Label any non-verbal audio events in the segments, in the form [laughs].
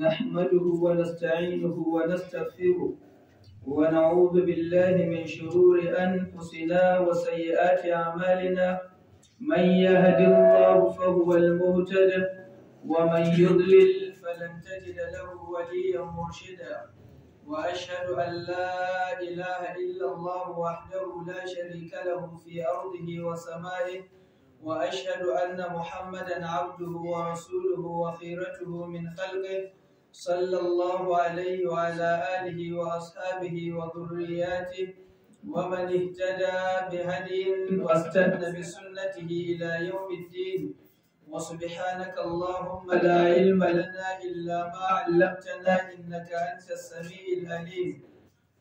نحمده ونستعينه ونستغفره ونعوذ بالله من شرور أنفسنا وسيئات أعمالنا من يهد الله فهو المهتد ومن يضلل فلن تجد له وليا مرشدا وأشهد أن لا إله إلا الله وحده لا شريك له في أرضه وسمائه وأشهد أن محمدا عبده ورسوله وخيرته من خلقه صلى الله عليه وعلى آله وأصحابه وذرياته ومن اهتدى بهدي واستنى بسنته إلى يوم الدين وسبحانك اللهم لا علم لنا إلا ما علمتنا إنك أنت السميع العليم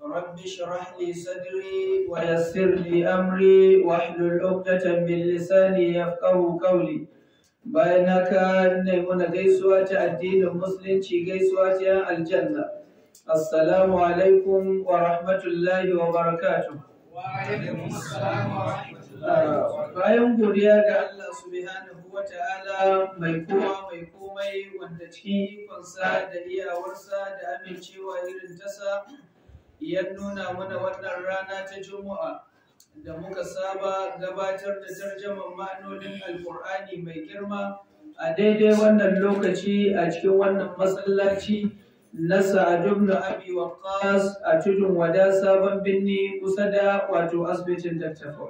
رب اشرح لي صدري ويسر لي أمري واحلل عقدة من لساني يفقه قولي bayan na ka ne muna gaisuwa ta addinin musulunci gaisuwa ta yan aljanna assalamu alaikum wa rahmatullahi wa barakatuh ah, bayan godiya ga Allah subhanahu wa ta'ala mai kowa mai komai wanda cikin ikonsa da iyawarsa da amincewa irin tasa ya nuna mana wannan rana ta juma'a da muka saba gabatar da tarjaman ma'anonin alkur'ani mai girma a daidai wannan lokaci a cikin wannan masallaci na sa'adun na abi waqqas a tudun wada sabon birni kusa da wato asibitin dattafa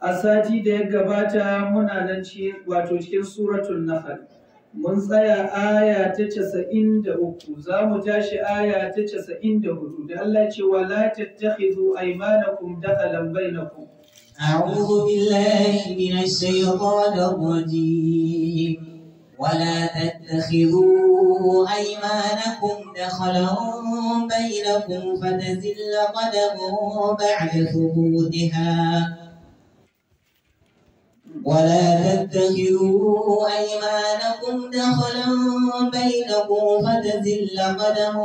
a sati da ya gabata muna nan wato cikin suratul nahl mun tsaya aya ta casa'in da uku za mu tashi aya ta casa'in da hudu da Allah ce wa la tattakhidhu aymanakum dakhalan bainakum أعوذ بالله من الشيطان الرجيم ولا تتخذوا أيمانكم دخلا بينكم فتزل قدم بعد ثبوتها ولا تتخذوا أيمانكم دخلا بينكم فتزل قدم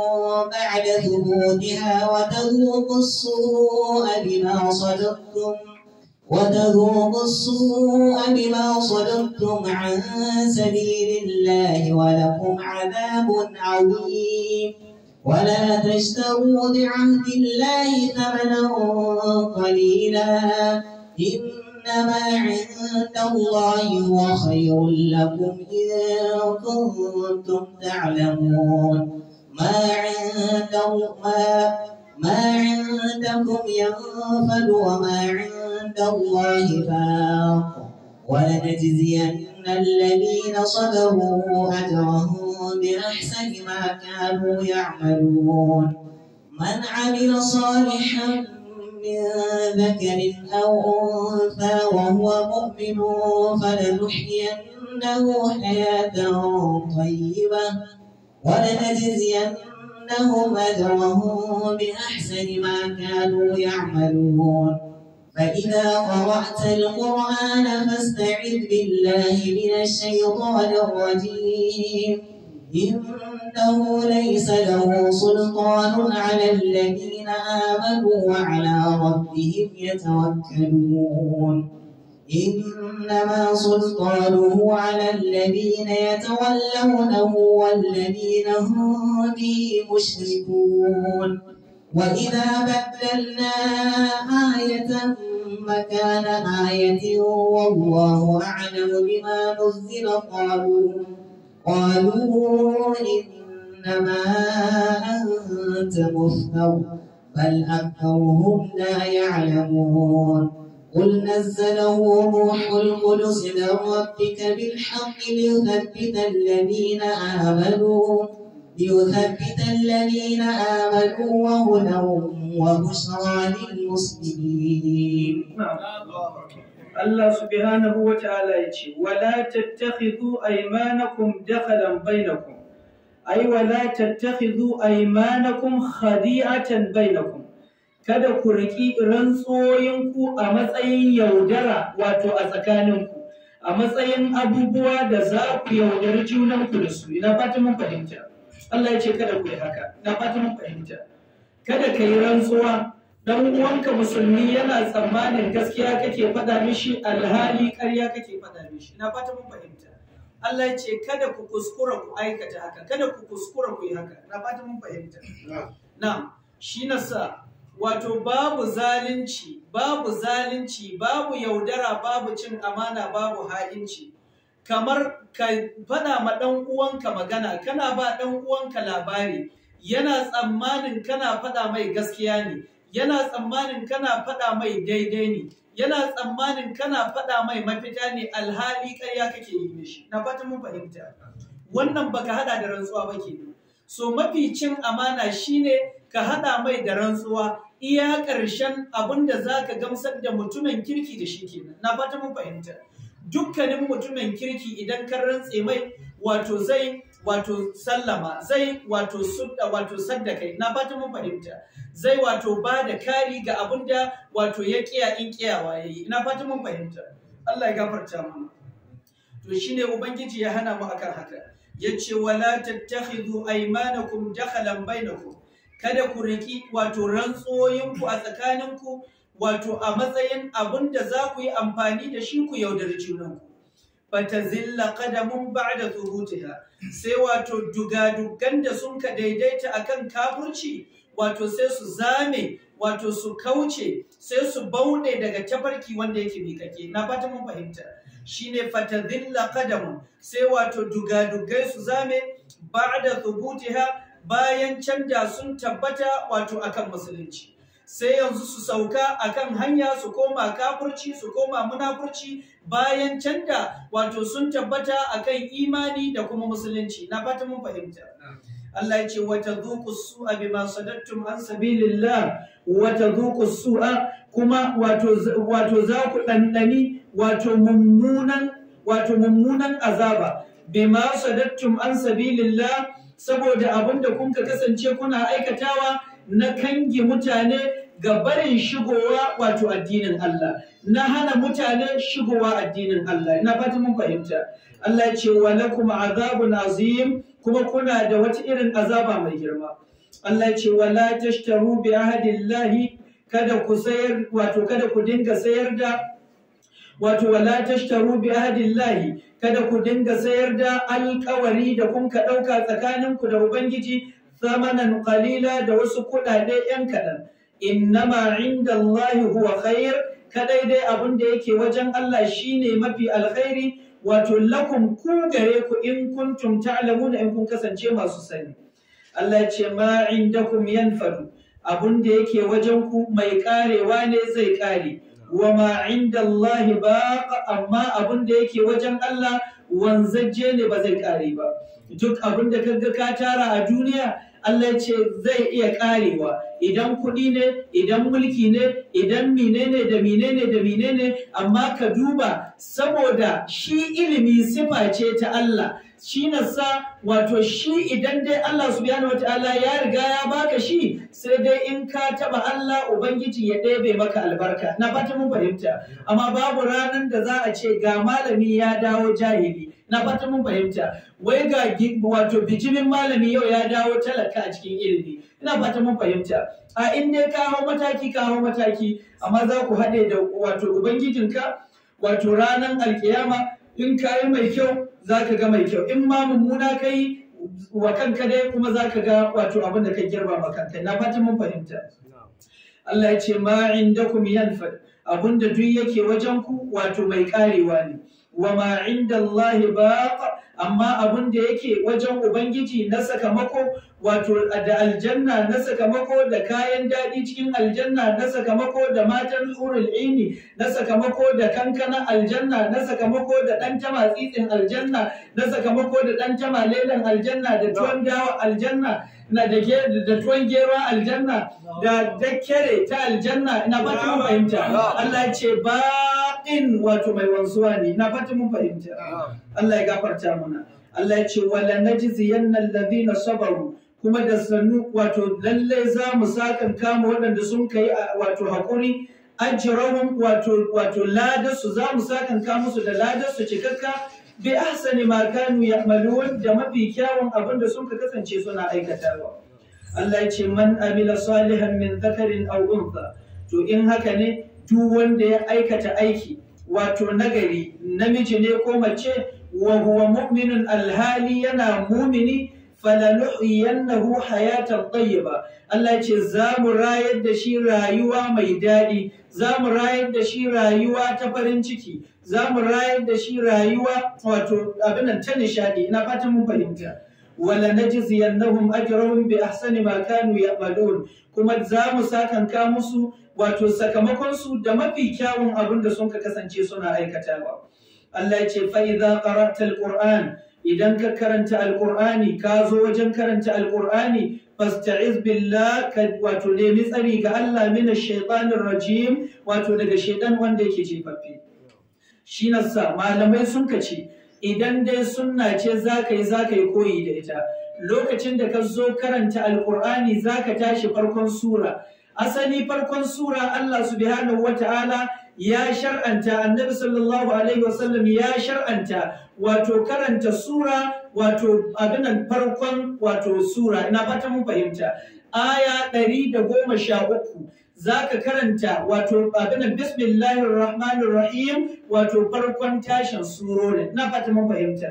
بعد ثبوتها وتذوقوا السوء بما صدقتم وتذوق السوء بما صدقتم عن سبيل الله ولكم عذاب عظيم ولا تشتروا بعهد الله ثمنا قليلا ما عند الله هو خير لكم إن كنتم تعلمون ما عند ما ما عندكم ينفد وما عند الله باق ولنجزين الذين صبروا أجرهم بأحسن ما كانوا يعملون من عمل صالحا من ذكر أو أنثى وهو مؤمن فلنحيينه حياة طيبة ولنجزينهم أجرهم بأحسن ما كانوا يعملون فإذا قرأت القرآن فاستعذ بالله من الشيطان الرجيم إنه ليس له سلطان على الذين آمنوا وعلى ربهم يتوكلون إنما سلطانه على الذين يتولونه والذين هم به مشركون وإذا بدلنا آية مكان آية والله أعلم بما نزل قالوا قالوا إنما أنت مفتر بل أكثرهم لا يعلمون قل نزله روح القدس من ربك بالحق ليثبت الذين آمنوا ليثبت الذين آمنوا وهدى وبشرى للمسلمين نعم. Allah subhanahu wa ta'ala ya ce, Wala tattakhidhu aimanakum dakhalan bainakum, ai, wala tattakhidhu aimanakum khadi'atan bainakum, kada ku riƙi rantsoyinku a matsayin yaudara wato a tsakaninku, a matsayin abubuwa da za ku yaudari junanku da su, ina fata mun fahimta. Allah ya ce kada ku yi haka, ina fata mun fahimta. Kada ka yi rantsuwa dan uwanka musulmi yana tsammanin gaskiya kake faɗa mishi alhali ƙarya kake faɗa mishi na fata mun fahimta Allah ya ce kada ku kuskura ku aikata haka kada ku kuskura ku yi haka na fata mun fahimta na shi nasa wato babu zalunci babu zalunci babu yaudara babu cin amana babu ha'inci kamar ka faɗa ma ɗan uwanka magana kana ba ɗan uwanka labari yana tsammanin kana faɗa mai gaskiya ne yana tsammanin kana faɗa mai daidai ne yana tsammanin kana faɗa mai mafita ne alhali ƙarya kake yi mishi na fata mun fahimta wannan baka hada da rantsuwa ba ke so mafi cin amana shine ka hada mai da rantsuwa iya ƙarshen abin da za ka gamsar da mutumin kirki da shi kenan na fata mun fahimta dukkanin mutumin kirki idan ka rantse mai wato zai wato sallama zai wato sudda wato na fata mun fahimta zai wato ba da kari ga abin da wato ya kiya in kiyawa yayi ina fata mun fahimta Allah ya gafarta mu. to shine ubangiji ya hana mu akan haka yace wala tattakhidhu aymanakum dakhalan bainakum kada ku riki wato ku a tsakaninku wato a matsayin abin da za ku yi amfani da shi ku yaudari junanku fatazilla ba ba'da thubutiha sai wato dugadugan da sun ka daidaita akan kafurci wato sai su zame wato su kauce sai su baune daga tafarki wanda yake miƙaƙe na fata mun fahimta shine fatazilla kadamun sai wato dugadugai su zame ba'da thubutiha bayan canja sun tabbata wato akan musulunci sai yanzu su sauka akan hanya su koma kafurci su koma munafurci bayan canda wato sun tabbata akan imani da kuma musulunci na fata mun fahimta Allah ya ce wa tadhuqu su'a bima sadattum an sabilillah wa tadhuqu su'a kuma wato wato za ku dandani wato mummunan wato mummunan azaba bima sadattum an sabilillah saboda abinda kun ka kasance kuna aikatawa na kangi mutane ga barin shigowa wato addinin Allah na hana mutane shigowa addinin Allah ina fata mun fahimta Allah ya ce wa lakum azabun azim kuma kuna da wata irin azaba mai girma Allah ya ce wa la tashtaru bi ahadillahi kada ku sayar wato kada ku dinga sayar da wato wala tashtaru bi kada ku dinga sayar da alƙawari da kun ka ɗauka tsakaninku da ubangiji zamanan qalila da wasu kuɗaɗe yan kaɗan innama inda Allah huwa khair kadai dai abun da yake wajen Allah shine mafi alkhairi wato lakum ku gare ku in kun kuntum ta'lamuna in kun kasance masu sani Allah ce ma indakum yanfadu abin da yake wajen ku mai karewa ne zai kare wa ma inda Allah ba amma abin da yake wajen Allah wanzaje ne ba zai kare ba duk abin da ka tara a duniya Allah ce zai iya karewa idan kuɗi ne idan mulki ne idan menene da menene da menene amma ka duba saboda shi ilimi sifa ce ta Allah sa wato shi idan dai Allah subhanahu wataala ya riga ya baka shi sai dai in ka taba Allah ubangiji ya ɗebe maka albarka na fata mun fahimta amma babu ranan da za a ce ga malami ya dawo jahili na fata mun fahimta wai ga wato bijimin malami yau ya dawo talaka a cikin ilimi ina fata mun fahimta a in dai ka hau mataki ka hau mataki amma za ku haɗe da wato ubangijinka wato ranan alkiyama in kayi mai kyau za ka ga mai kyau in ma mummuna kai wa kanka dai kuma za ka ga wato abin da ka girba ma kanka na fatan mun fahimta Allah ya ce ma indakum yanfad abin da duk yake wajen ku wato mai karewa ne wa ma inda Allah amma abin da yake wajen ubangiji na sakamako wato da aljanna na sakamako da kayan daɗi cikin aljanna na sakamako da matan tsurul aini na sakamako da kankana aljanna na sakamako da ɗan tama tsitsin aljanna na sakamako da ɗan tama lelan aljanna da tuwon dawa aljanna na da da tuwon gero aljanna da dakkere ta aljanna na fata mun fahimta Allah ce in wato mai wansuwa ne na fata mun fahimta Allah ya gafarta mana Allah ya ce wala najziyannal ladina sabaru kuma da sannu wato lallai za mu sakan kama waɗanda sun kai wato haƙuri ajrahum wato wato ladarsu za mu sakan kama su da ladarsu cikakka bi ahsani ma kanu ya'malun da mafi kyawun abin da sun ka kasance suna aikatawa Allah ya ce man amila salihan min zakarin aw untha to in haka ne duk wanda ya aikata aiki wato nagari namiji ne ko mace wa huwa mu'minun alhali yana mumini falanuhyiyannahu hayatan tayyiba Allah ce za mu rayar da shi rayuwa mai daɗi za mu rayar da shi rayuwa ta farin ciki za mu rayar da shi rayuwa wato abin ta nishaɗi, ina fatan mun fahimta wala najziyannahum ajrahum bi ahsani ma kanu ya'malun kuma za mu sakanka musu wato sakamakon su da mafi kyawun abin da sun ka kasance suna aikatawa Allah ce fa idza qara'ta quran idan ka karanta Alƙur'ani, ka zo wajen karanta Alƙur'ani, fasta'iz billah ka wato nemi tsari ga Allah mina shaitanir rajim wato daga shaitan wanda yake jefaffe shi nasa malamai sun kace idan dai sunna ce ka yi ka yi koyi da ita lokacin da ka zo karanta za zaka tashi farkon sura asali farkon sura Allah subhanahu ya shar'anta annabi sallallahu alaihi wasallam ya shar'anta wato karanta sura wato abinan farkon wato sura ina fata mun fahimta aya ɗari da goma sha uku za ka karanta wato abinan bismillahir rahmanir rahim wato farkon tashin surorin ina fata mun fahimta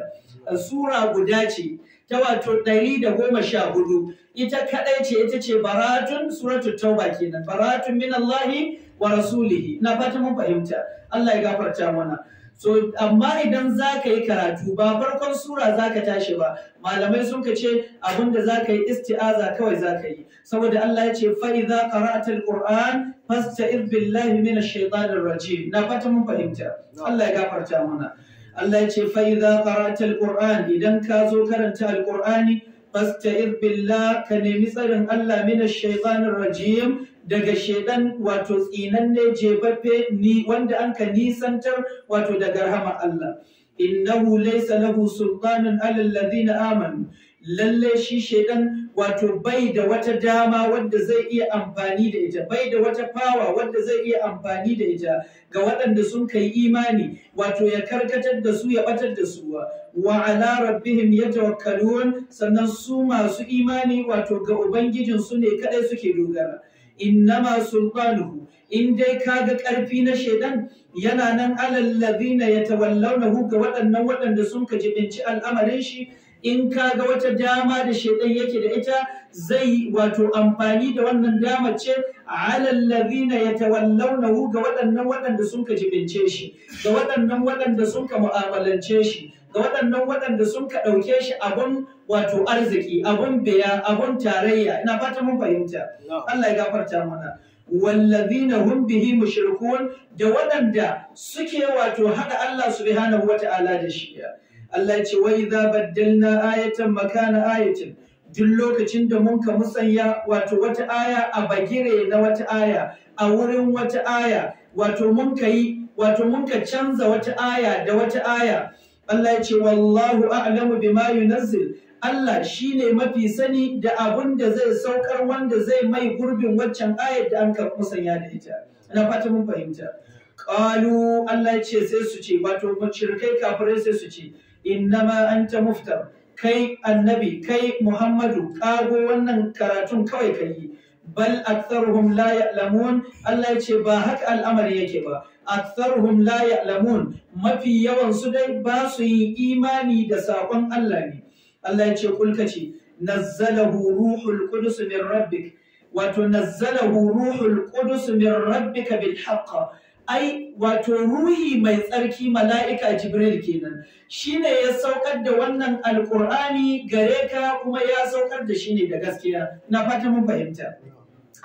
sura guda ce ta wato ɗari da goma sha hudu ita kaɗai ce ita ce baratun suratul tauba kenan baratun minallahi wa rasulihi ina fata mun fahimta Allah ya gafarta mana So, amma idan za ka yi karatu ba farkon sura za ka tashi ba, malamai sun ka ce abin da za ka yi isti'aza kawai za ka yi. Saboda Allah ya ce fa'i za ka ra'atar billahi mina shaitanin rajim. Na fata mun fahimta, Allah ya gafarta mana. Allah ya ce fa'i za idan ka zo karanta Alƙur'ani, fasta billah ka nemi tsarin Allah mina shaitanin rajim daga shedan wato tsinanne jebabbe ni wanda anka nisantar wato daga rahama Allah innahu laysa lahu sultanan alal ladina amanu lalle shi shedan wato bai da wata dama wadda zai iya amfani da ita bai da wata fawa wadda zai iya amfani da ita ga waɗanda sun kai imani wato ya karkatar da su ya batar da su wa ala rabbihim yatawakkalun sannan su masu imani wato ga ubangijin su ne kadai suke dogara innama sulbanuhu in dai kaga ƙarfi na shaidan yana nan alal ladina yatawallawnahu ga waɗannan waɗanda sun ka jibinci al'amarin shi in kaga wata dama da shaidan yake da ita zai wato amfani da wannan dama ce alal ladina yatawallawnahu ga waɗannan waɗanda sun ka jibince shi ga waɗannan waɗanda sun ka mu'amalance shi ga waɗannan waɗanda sun ka ɗauke shi abun wato arziki abun biya abun tarayya ina fata mun fahimta Allah ya gafarta mana wallazina hum bihi mushrikun da waɗanda suke wato haɗa Allah subhanahu wata'ala da shi Allah ya ce wa idza baddalna ayatan makana ayatin duk lokacin da mun ka musanya wato wata aya a bagire na wata aya a wurin wata aya wato mun ka yi wato mun ka canza wata aya da wata aya Allah ya ce wallahu a'lamu bima yunazzil Allah shine mafi sani da abun da zai saukar wanda zai mai gurbin waccan ayar da an karɓi sanya da ita ina fata mun fahimta qalu Allah ya ce sai su ce wato mushrikai kafirai sai su ce innama anta muftar kai annabi kai Muhammadu kago wannan karatun kawai kai bal aktharuhum la ya'lamun Allah ya ce ba haka al'amari yake ba aktharuhum la ya'lamun mafi yawan su dai ba su yi imani da sakon Allah ne Allah ya ce kulka ce nazzalahu ruhul qudus min rabbik wato nazzalahu ruhul qudus min rabbika bil haqq ai wato ruhi mai tsarki mala'ika jibril kenan shine ya saukar da wannan alkur'ani gare ka kuma ya saukar da shi ne da gaskiya na fata mun fahimta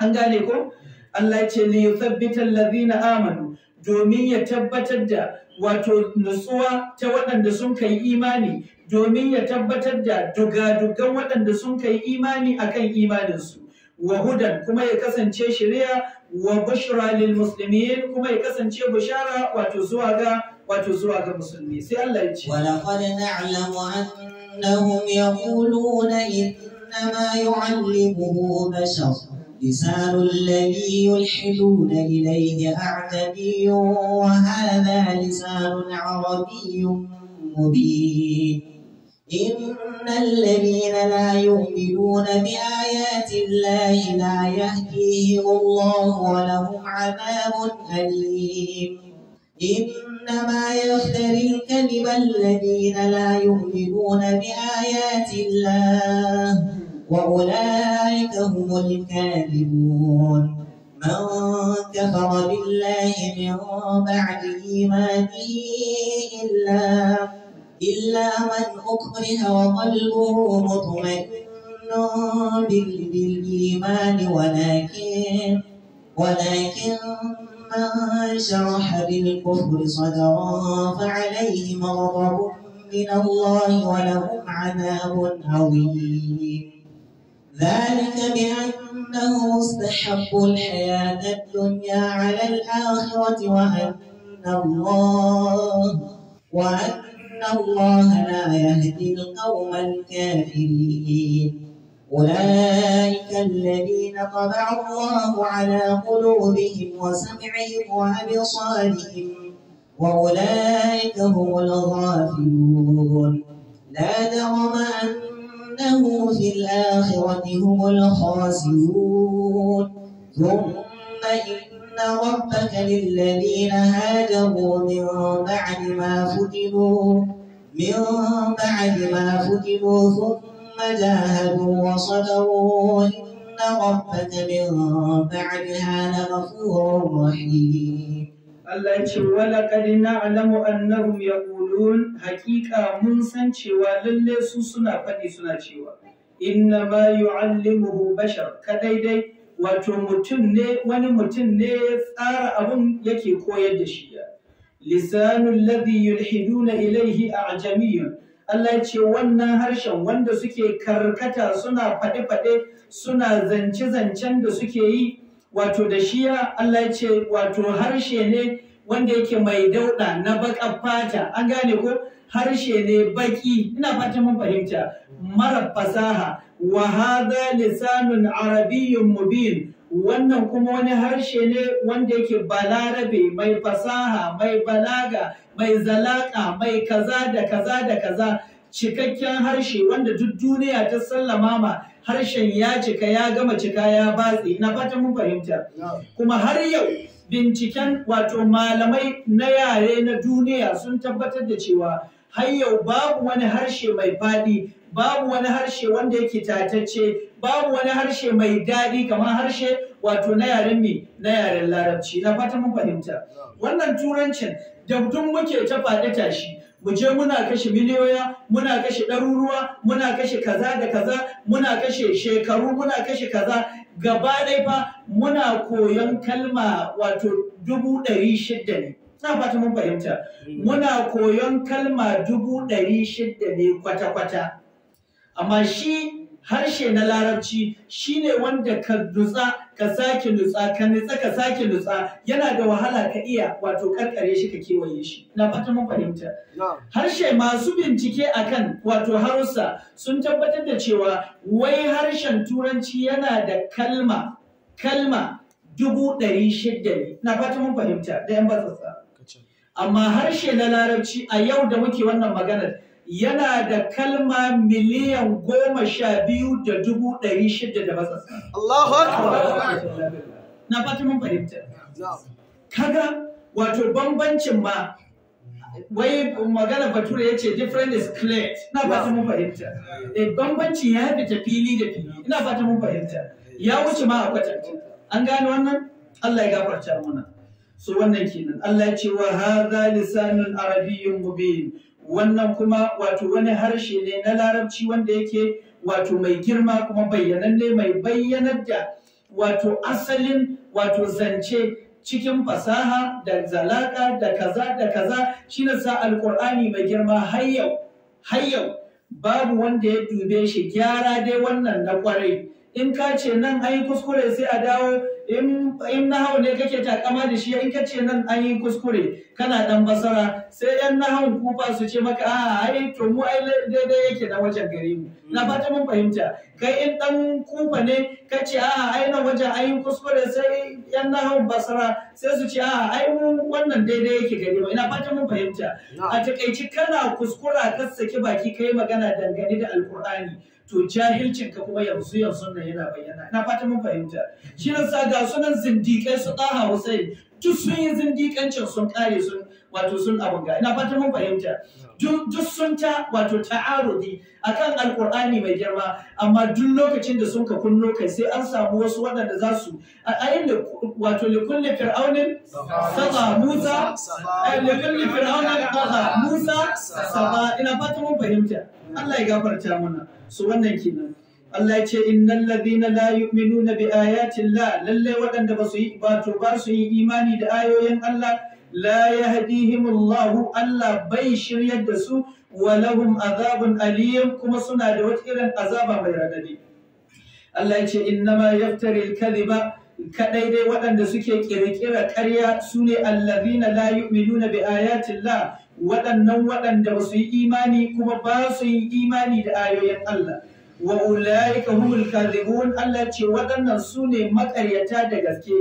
an gane ko Allah ce li yuthabbita allazina amanu domin ya tabbatar da wato nutsuwa ta waɗanda sun kai imani domin ya tabbatar da dugadugan waɗanda sun kai imani a kan imaninsu wa hudan kuma ya kasance shirya wa bushra lil muslimin kuma ya kasance bushara wato zuwa ga wato zuwa ga musulmi sai Allah ya ce wa laqad na'lamu annahum yaquluna innama yu'allimuhu bashar لسان الذي يلحدون إليه أعتدي وهذا لسان عربي مبين إن الذين لا يؤمنون بآيات الله لا يهديهم الله ولهم عذاب أليم إنما يفتري الكذب الذين لا يؤمنون بآيات الله وأولئك هم الكاذبون من كفر بالله من بعد إيمانه إلا إلا من أكره وقلبه مطمئن بالإيمان ولكن ولكن من شرح بالكفر صدرا فعليهم غضب من الله ولهم عذاب عظيم ذلك بأنه استحبوا الحياة الدنيا على الآخرة وأن الله وأن الله لا يهدي القوم الكافرين أولئك الذين طبع الله على قلوبهم وسمعهم وأبصارهم وأولئك هم الغافلون لا جرم أن إنه في الآخرة هم الخاسرون ثم إن ربك للذين هاجروا من بعد ما فتنوا من بعد ما فتنوا ثم جاهدوا وصدروا إن ربك من بعدها لغفور رحيم Allah ya ce wala kadi na alamu annahum yaqulun haƙiƙa mun san cewa lalle su suna faɗi suna cewa inna ma yu'allimuhu bashar kadai dai wato mutum ne wani mutum ne ya tsara abun yake koyar da shi lisanul ladhi yulhiduna ilayhi a'jamiyyun Allah ya ce wannan harshen wanda suke karkata suna faɗe-faɗe suna zance-zancen da suke yi wato da shiya Allah ce wato harshe ne wanda yake mai dauɗa na baka fata an gane ko harshe ne baki ina fatan mun fahimta mara fasaha wa hadha lisanun arabiyyun mubin wannan kuma wani harshe ne wanda yake balarabe mai fasaha mai balaga mai zalaka mai kaza da kaza da kaza cikakken harshe wanda duk duniya ta sallama ma harshen ya cika ya gama cika ya batse na fata mun fahimta kuma har yau binciken wato malamai na yare na duniya sun tabbatar da cewa har yau babu wani harshe mai faɗi babu wani harshe wanda yake tatacce babu wani harshe mai daɗi kamar harshe wato na yaren mi na yaren larabci na fata mun fahimta wannan turancin da mutum muke ta faɗi tashi mu je muna kashe miliyoya muna kashe ɗaruruwa muna kashe kaza da kaza muna kashe shekaru muna kashe kaza gaba ɗaya fa muna koyon kalma wato dubu ɗari shidda ne na fata mun fahimta muna koyon kalma dubu ɗari shidda ne kwata-kwata amma shi harshe na larabci shine wanda ka nutsa ka sake nutsa ka nutsa ka sake nutsa yana da wahala ka iya wato karkare shi ka kewaye shi na fata mun harshe masu bincike akan wato hausa sun tabbatar da cewa wai harshen turanci yana da kalma kalma dubu ɗari shidda ne na fata mun da yan amma harshe na larabci a yau da muke wannan maganar yana da kalma miliyan goma sha biyu da dubu ɗari shida da matsatsa. Allahu Akbar! Na fata mun fahimta. Kaga wato bambancin ma wai magana bature ya ce different is clear. Na fata mun fahimta. Eh bambanci ya fita fili da fili. Ina fata mun fahimta. Ya wuce ma a kwatanta. An gane wannan? Allah ya gafarta mana. So wannan kenan. Allah ya ce wa hadha lisanul arabiyyun mubin. wannan kuma wato wani harshe ne na larabci wanda yake wato mai girma kuma bayyananne mai bayyanar da wato asalin wato zance cikin fasaha da zalaka da kaza da kaza shine sa alkur'ani mai girma hayyau yau babu wanda ya dube shi gyara dai wannan na kwarai in ka ce nan ai kuskure sai a dawo in na hau ne kake takama da shi in ce nan an yi kuskure kana dan basara sai yan nahawun kufa su ce maka a ah, ai to mu ai daidai yake na wajen gare mu na fata mun fahimta kai in dan kufa ne ce a ah, ai na wajen an yi kuskure sai yan nahawun basara sai su ce a ah, ai mu wannan daidai yake gare mu ina fata mun fahimta a takaici kana kuskura ka saki baki kai magana dangane da alkur'ani to jahilcin ka kuma yanzu yanzu nan yana bayyana ina fata mun fahimta shi sa ga sunan zindiƙai su ɗaha wasai duk sun yi zindiƙancin sun ƙare sun wato sun abun ga ina fata mun fahimta duk sun ta wato ta'arudi akan alƙur'ani mai girma amma duk lokacin da sun ka kunno kai sai an samu wasu waɗanda za su a ayin da wato likulli fir'aunin saba musa likulli fir'aunin saba musa saba ina fata mun fahimta Allah ya gafarta mana su wannan kenan Allah ya ce innal ladhina la yu'minuna bi ayati Allah lalle waɗanda ba su yi ba ba su yi imani da ayoyin Allah la yahdihimullahu Allah bai shiryar da su wa lahum azabun aliyam kuma suna da wata irin azaba mai radadi Allah ya ce innama yaftari al-kadhiba kadai dai waɗanda suke kirkira ƙarya su ne allazina la yu'minuna bi ayatillah waɗannan waɗanda ba su yi imani kuma ba su yi imani da ayoyin Allah wa ulaika humul kadhibun Allah ce waɗannan su ne maƙaryata da gaske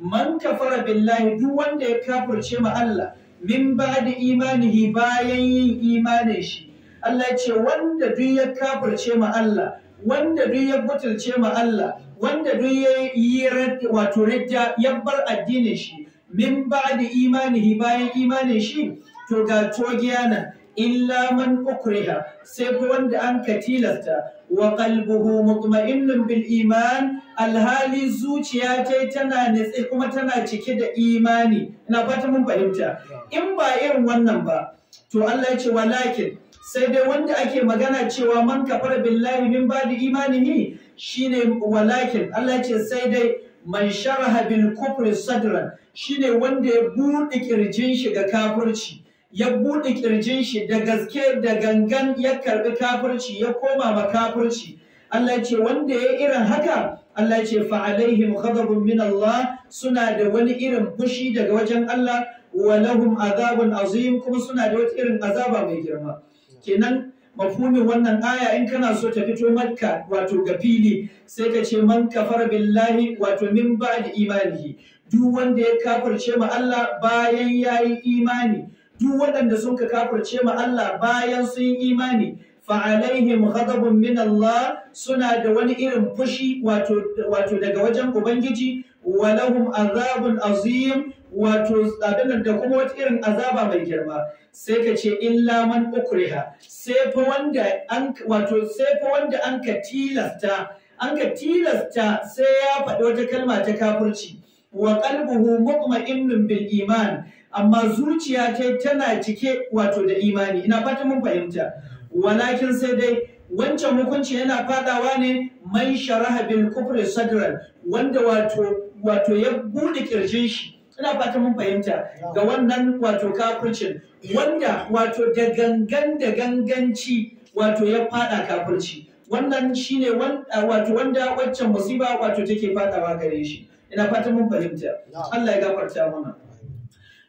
man kafara billahi duk wanda ya kafirce ma Allah min da imanihi bayan yin imanin shi Allah ce wanda duk ya kafirce ma Allah wanda duk ya butulce ma Allah wanda duk ya yi wato ridda ya bar addinin shi min da imanihi bayan imanin shi to ga cogiya nan illa man ukriha sai ku wanda an ka tilasta wa qalbuhu mutma'innun bil iman alhali zuciya ta tana nitsi kuma tana cike da imani ina fata mun fahimta in ba irin wannan ba to Allah ya ce walakin sai dai wanda ake magana cewa man kafar billahi min ba'di imanihi shine walakin Allah ya ce sai dai man sharaha bil kufri sadran shine wanda ya buɗe kirjin shi ga kafirci ya buɗe ƙirjin shi da gaske da gangan ya karɓi kafirci ya koma ma kafirci Allah ce wanda ya irin haka Allah ce fa'alaihim ghadabun min Allah suna da wani irin fushi daga wajen Allah wa lahum azabun azim kuma suna da wata irin azaba mai girma kenan mafhumin wannan aya in kana so ta fito makka wato ga fili sai ka ce man kafara billahi wato min ba'di imanihi duk wanda ya kafirce ma Allah bayan yayi imani duk waɗanda sun ka kafirce ma Allah bayan sun yi imani fa'alaihim ghadabun min Allah suna da wani irin fushi wato daga wajen Ubangiji walahum azabun azim wato abin da kuma wata irin azaba mai girma sai ka ce illa man ukriha sai fa wanda an wato sai fa wanda an ka tilasta an ka tilasta sai ya faɗi wata kalma ta kafirci wa qalbuhu mutma'innun bil iman amma zuciya ta tana cike wato da imani ina fata mun fahimta walakin sai dai wancan hukunci yana fadawa ne mai sharaha bil kufri sadran wanda wato wato ya bude kirjin shi ina fata mun fahimta ga wannan wato kafircin wanda wato da gangan da ganganci wato ya fada kafirci wannan shine wato wanda waccan musiba wato take fadawa gare shi ina fata mun fahimta Allah ya gafarta mana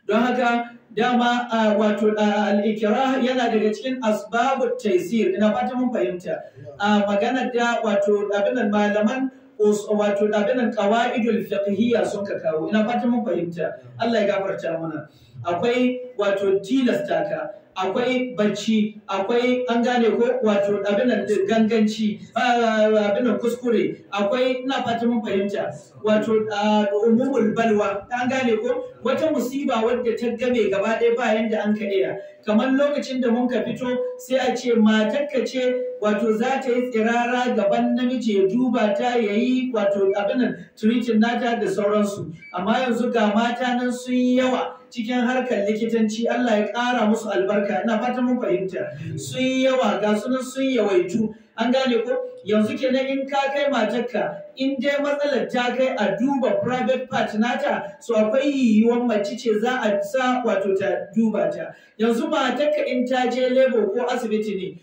don haka dama a wato al'ikira yana daga cikin asbabu taisir ina fata mun fahimta a maganar da wato abinan malaman wato abinan qawaidul fiqhiyya sun ka kawo ina fata mun fahimta Allah ya gafarta mana akwai wato tilasta ka akwai bacci akwai an gane ko wato abin ganganci ah, abin kuskure akwai ina fata mun fahimta wato ah, umumul balwa an gane ko wata musiba wadda ta game gaba ɗaya bayan da an kaɗera kamar lokacin da mun ka fito sai a ce matarka ce wato za ta yi tsirara gaban namiji ya duba ta ya yi wato abinan turitin nata da sauransu amma yanzu ga mata nan sun yi yawa cikin harkar likitanci Allah ya ƙara musu albarka ina fatan mun fahimta sun yi yawa ga sunan sun yawaitu an gane ko yanzu kenan in ka kai matarka in dai matsalar ta kai a duba private part nata so akwai yiwuwar mace ce za a sa wato ta duba ta yanzu matarka in ta je lebo ko asibiti ne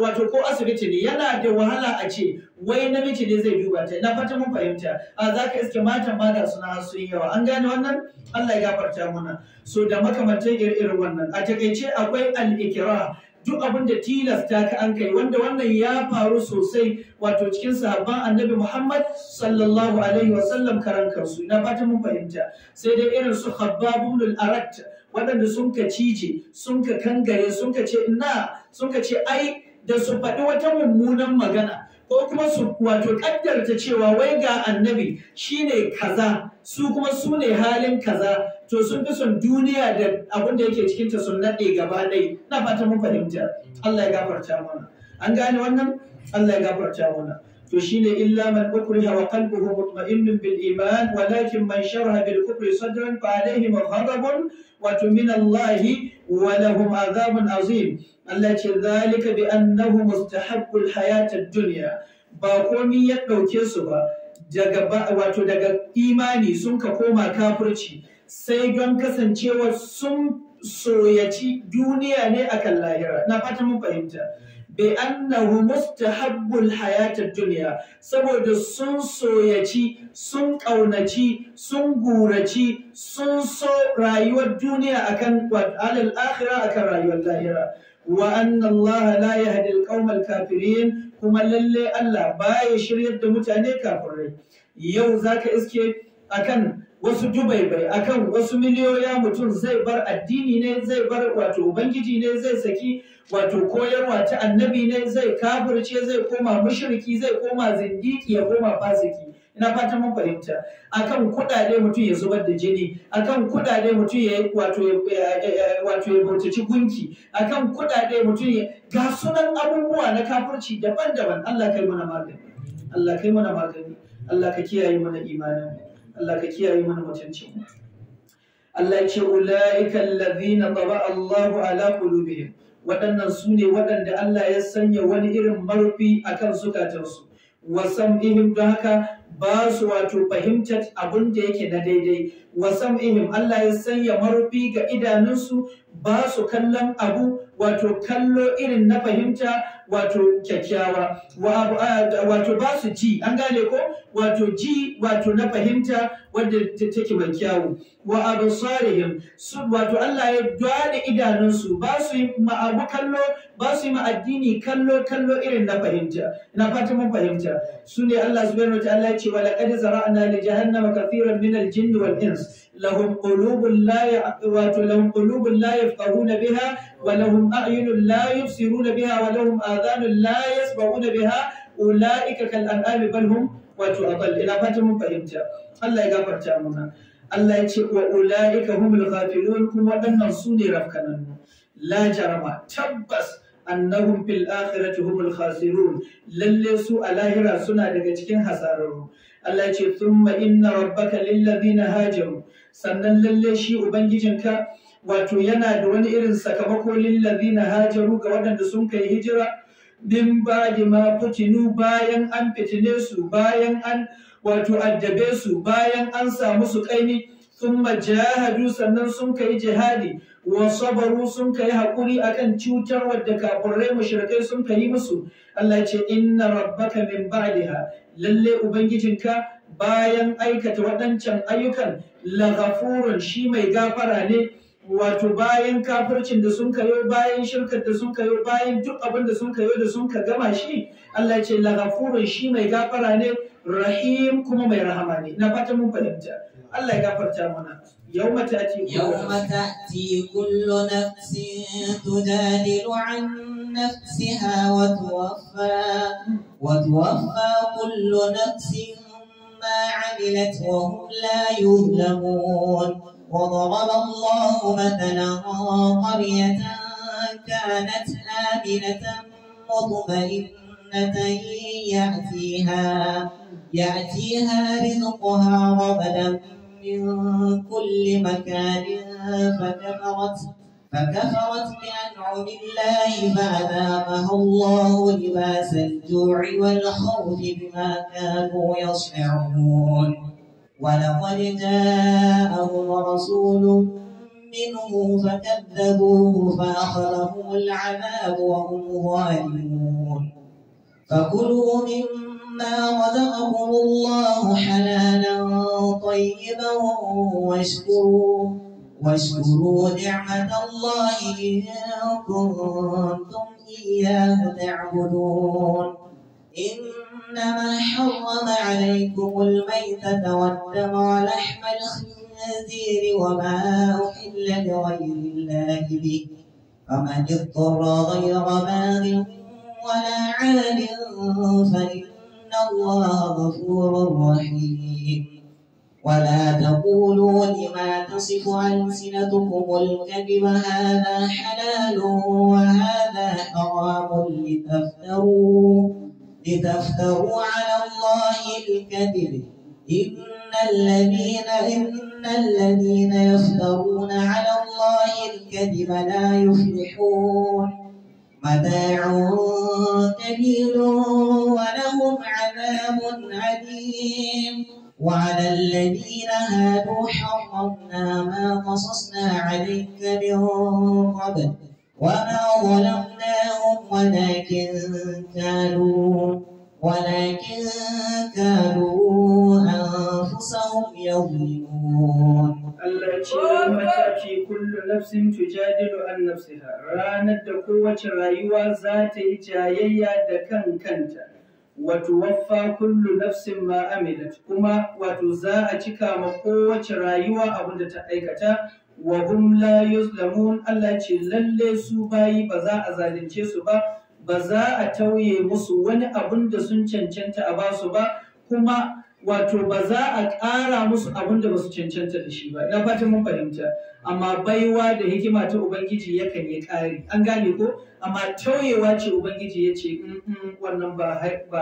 wato ko asibiti ne yana da wahala a ce wai namiji ne zai duba ta na fata mun fahimta a za ka iske matan ba suna sun yawa an gane wannan Allah ya gafarta mana so da makamantan irin wannan a takaice akwai al-ikra duk abin da tilasta ka an kai wanda wannan ya faru sosai wato cikin sahabban annabi Muhammad sallallahu alaihi wa sallam karan kansu ina fata mun fahimta sai dai irin su khabbabul arat waɗanda sun ka cije sun ka kangare sun ka ce ina sun ka ce ai da su faɗi wata mummunan magana ko kuma su wato kaddarta cewa wai ga annabi shine kaza su kuma su ne halin kaza to sun fi son duniya da abin da yake cikinta sun nade gaba ɗaya na fata mun fahimta Allah ya gafarta mana an gane wannan Allah ya gafarta mana to shine illa man ukriha wa qalbuhu mutma'innun bil iman walakin man sharaha bil kufri sadran fa alayhim ghadabun wa min Allah wa lahum azabun azim Allah ce zalika bi annahu mustahabbul hayatad dunya ba komi ya dauke su ba daga wato daga imani sun ka koma kafirci sai don kasancewa sun soyaci duniya ne akan lahira na fatan mun fahimta bi annahu mustahabbul hayatad dunya saboda sun soyaci sun kaunaci sun guraci sun so rayuwar duniya akan halar akhirah akan rayuwar lahira wa anna Allah la yahdi al kafirin kuma lalle Allah baya shiryar da mutane kafirai yau zaka iske akan wasu dubaibai akan wasu miliyoya mutum zai bar addini ne zai bar wato ubangiji ne zai saki wato koyarwa ta annabi ne zai kafirce zai koma mushriki zai koma zindiki ya koma fasiki ina fatan mun fahimta akan kuɗaɗe mutum ya zubar da jini akan kuɗaɗe mutum ya wato eh, eh, wato ya bautaci gunki akan kuɗaɗe mutum ya ga sunan abubuwa na kafirci daban-daban Allah kai mana magani Allah kai mana magani Allah ka kiyaye mana imanin Allah ka kiyaye mana mutuncin Allah ya ce ulaika allazina taba Allahu ala qulubihim waɗannan su ne waɗanda Allah ya sanya wani irin marfi akan zukatansu wasan ihim don haka ba su wato fahimtar abin da yake na daidai wasan sam'ihim Allah ya sanya marufi ga idanunsu ba su kallon abu wato kallo irin na fahimta wato kyakkyawa wato ba su ji an gane ko wato ji wato na fahimta wadda take mai kyawu wa absarihim su wato Allah ya dade idanunsu ba su ma abu kallo ba su ma addini kallo kallo irin na fahimta na fatan mun fahimta su ne Allah subhanahu wa ta'ala ya ce wa laqad zara'na li jahannama kathiran min al-jinn wal ins lahum qulubun la ya'qiluna lahum qulubun la yafqahuna biha wa lahum a'yunun la yubsiruna biha wa lahum adhanun la yasma'una biha ulaika kal bal hum wato abal ina fahimta Allah ya gafarta Allah ya ce wa ulaika humul ghafilun kuma waɗannan su ne rafkanannu la jarama tabbas annahum fil akhirati humul khasirun lalle su a lahira suna daga cikin hasararru Allah ce thumma inna rabbaka lil ladina hajaru sannan lalle shi ubangijinka wato yana da wani irin sakamako lil ladina hajaru ga waɗanda sun kai hijira bin ba'di ma fitinu bayan an fitine su bayan an wato addabe su bayan an samu su kaini thumma jahadu sannan sun kayi jihadi wa sabaru sun kai hakuri akan cutar wadda kafirai mushrikai sun kayi musu Allah ce inna rabbaka min ba'daha lalle ka bayan aikata waɗancan ayyukan laghafurun shi mai gafara ne wato bayan kafircin da sun kayo bayan shirkar da sun kayo bayan duk abin da sun kayo da sun ka gama shi Allah ce laghafurun shi mai gafara ne rahim kuma mai rahama ne na fata mun fahimta الله ya gafarta يوم تأتي يوم تأتي كل نفس تجادل عن نفسها وتوفى وتوفى كل نفس ما عملت وهم لا يظلمون وضرب الله مثلا قرية كانت آمنة مطمئنة يأتيها يأتيها رزقها رغدا من كل مكان فكفرت فكفرت بأنعم الله فأذاقها الله لباس الجوع والخوف بما كانوا يصنعون ولقد جاءهم رسول منه فكذبوه فأخذهم العذاب وهم ظالمون فكلوا مما مما رزقكم الله حلالا طيبا واشكروا واشكروا نعمة الله إن كنتم إياه تعبدون إنما حرم عليكم الميتة والدم ولحم الخنزير وما أحل لغير الله به فمن اضطر غير باغ ولا عاد فإن الله غفور رحيم ولا تقولوا لما تصف ألسنتكم الكذب هذا حلال وهذا حرام لتفتروا لتفتروا على الله الكذب إن الذين إن الذين يفترون على الله الكذب لا يفلحون متاع قليل ولهم عذاب عليم وعلى الذين هادوا حرمنا ما قصصنا عليك من قبل وما ظلمناهم ولكن كانوا ولكن كانوا أنفسهم يظلمون التي كل نفس تجادل عن نفسها رانت قوة رايوة ذات إجاية دكان كنتا wato waffa kullu nafsin ma amilat kuma wato za a cika ma kowace rayuwa abin da ta aikata wa hum la yuzlamun Allah ce lalle su bayi ba za a zalunce su ba ba za a tauye musu wani abin da sun cancanta a basu ba kuma wato ba za a ƙara musu abin da basu su cancanta da shi ba ina fatan mun fahimta amma baiwa da hikima ta ubangiji yakan yi ƙari an gane ko amma tauyewa ce ubangiji ya ce mm, mm, wannan ba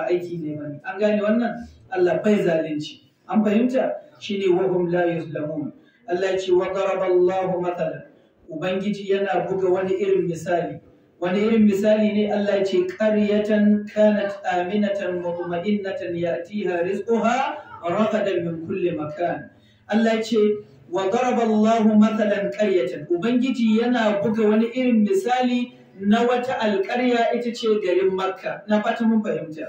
aiki ne ba an gane wannan Allah bai zalunci an fahimta Shi shine wahum la yuzlamun Allah ce wa daraba Allahu matsala. ubangiji yana buga wani irin misali wani irin misali ne Allah ce qaryatan kanat aminatan mutma'innatan ya'tiha rizquha ragadan min kulli makan Allah ce wa daraba Allah mathalan qaryatan ubangiji yana buga wani irin misali na wata alƙarya ita ce garin Makka na fata mun fahimta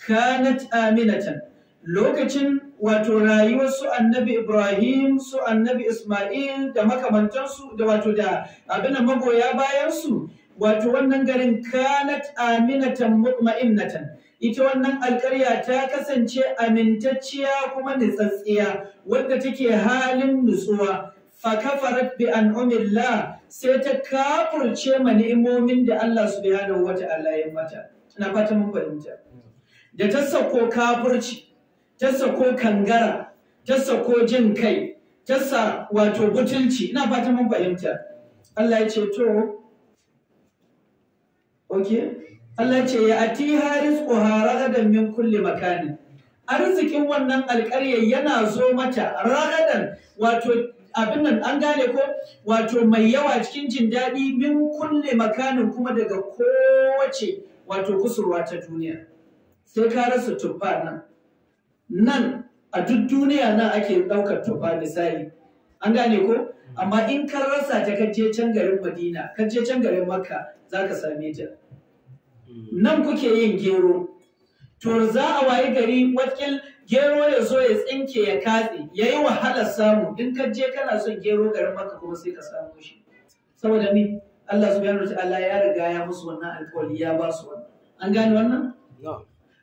kanat aminatan lokacin wato rayuwar su annabi Ibrahim su annabi Ismail da makamantansu da wato da abin da magoya bayansu wato wannan garin kanat aminatan mutma'innatan ita wannan alƙarya ta kasance amintacciya kuma nitsatsiya wadda take halin nutsuwa kafarat bi an'umillah sai ta kafurce ma ni'imomin da Allah subhanahu wata'ala ya mata ina fata mun fahimta da ta sako kafurci ta sako kangara ta sako jin kai ta sa wato butulci ina fata mun fahimta Allah ya ce to ok Allah ce ya ati haris ƙoha da min kulle makani arzikin wannan alƙarya yana zo mata ragadan wato abin nan an gane ko wato mai yawa cikin jin daɗi min kulle makanin kuma daga kowace wato kusurwa ta duniya sai ka rasa tuffa nan nan a duk duniya nan ake ɗaukar tuffa misali an gane ko amma in ka rasa ta je can garin madina je can garin makka za ka same ta nan kuke yin gero to za a wayi gari wakil gero ya zo ya tsinke ya katse ya yi wahalar samu in ka je kana son gero garin maka kuma sai ka samu shi saboda ni Allah subhanahu wataala ya riga ya musu wannan alƙawari ya ba su wannan an gane wannan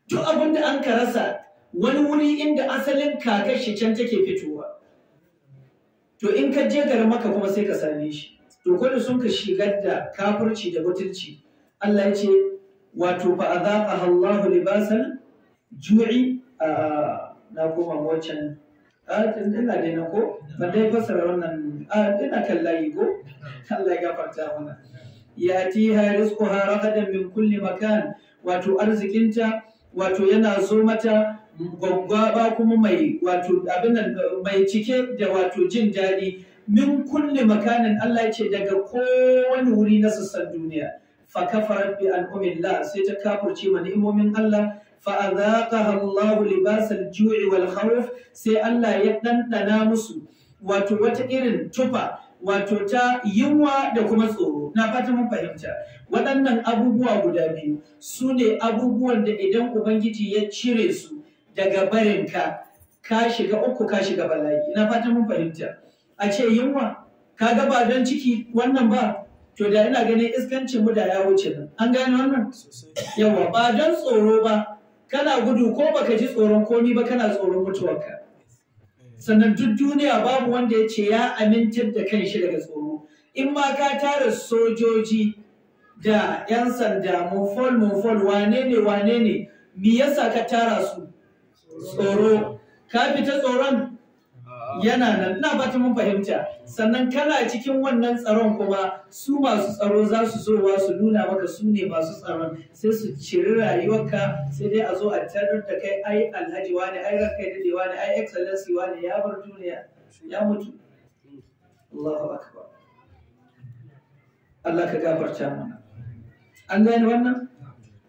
duk abin da an ka rasa wani wuri inda asalin kakashi shi can take fitowa to in ka je garin maka kuma sai ka same shi to kwallo sun ka shigar da kafirci da mutunci Allah ya ce wato fa azaqaha Allahu libasal ju'i na koma wacan ayatin ina dai na ko Ba dai fasara wannan ayatin ina kan layi ko Allah ya gafarta mana yatiha rizquha ragadan min kulli makan wato arzikinta wato yana zo mata gwaggwaba kuma mai wato abin mai cike da wato jin daɗi min kulli makanin Allah ya ce daga kowane wuri na sassan duniya fa kafarat bi an'umillah sai ta kafurce wa ni'imomin Allah fa azaqaha Allahu libasal ju'i wal khawf sai Allah ya dandana musu wato wata irin tufa wato ta yunwa da kuma tsoro na fata mun fahimta waɗannan abubuwa guda biyu su ne abubuwan da idan ubangiji ya cire su daga barin ka shiga uku ka shiga bala'i na fata mun fahimta a ce yunwa ka ga ba don ciki wannan ba to da ina ganin iskancin mu da ya wuce nan an gane wannan yawa ba don tsoro ba kana gudu ko baka ji tsoron komi ba kana tsoron mutuwarka eh. sannan duk duniya babu wanda ya ce ya amintar da kan shi daga tsoro in ma ka tara sojoji da 'yan sanda mufol mufol wane ne wane ne me yasa ka tara su tsoro ka fita tsoron yana nan na fata mun fahimta sannan kana cikin wannan tsaron kuma su masu tsaro za su wa su nuna maka su ne masu tsaron sai su ciri rayuwarka sai dai a zo a tarar da kai ai alhaji wani ai ranka da dewa ne ai excellency wani ya bar duniya ya mutu Allahu akbar Allah ka gafarta mana an gane wannan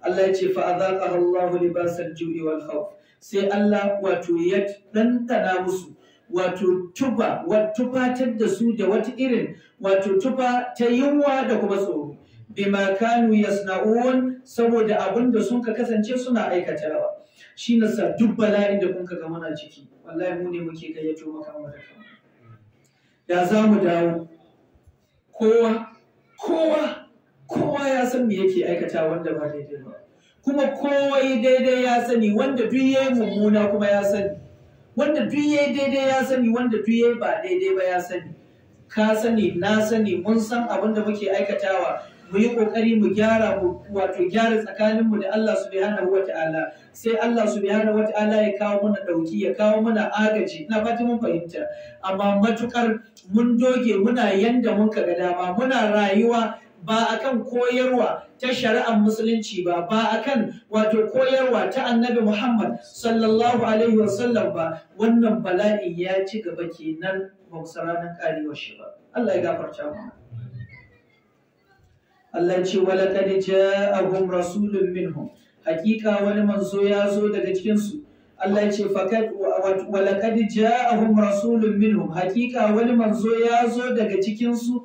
Allah ya ce fa azaqahu Allahu libasal ju'i wal khawf sai Allah wato ya dantana musu wato tuba tufatar da su da wata irin wato tuba ta yunwa da kuma tsoro bima kanu yasna'un saboda abin da sun ka kasance suna aikatawa shi na sa duk bala'in da kun ka muna ciki wallahi mu ne muke gayyato maka mu da kanmu da za mu dawo kowa kowa kowa ya san me yake aikata wanda ba daidai ba kuma kowa daidai ya sani wanda duk yayi mummuna kuma ya sani wanda duk daidai ya sani wanda duk ba daidai ba ya sani ka sani na sani mun san abin da muke aikatawa mu yi kokari mu gyara mu wato gyara tsakaninmu da Allah subhanahu wata'ala sai Allah subhanahu wata'ala ya kawo mana dauki ya kawo mana agaji ina fata mun fahimta amma matukar mun doge muna yanda mun ga dama muna rayuwa ba akan koyarwa ta shari'ar musulunci ba ba akan wato koyarwa ta annabi Muhammad sallallahu alaihi wasallam ba wannan bala'i ya ci gaba ke ba mu ranar karewar shi ba Allah ya gafarta mu Allah ce wala kad ja'ahum rasulun minhum hakika wani manzo ya zo daga cikinsu. Allah ya ce fakat walaqad ja'ahum rasulun minhum hakika wani manzo ya zo daga cikinsu.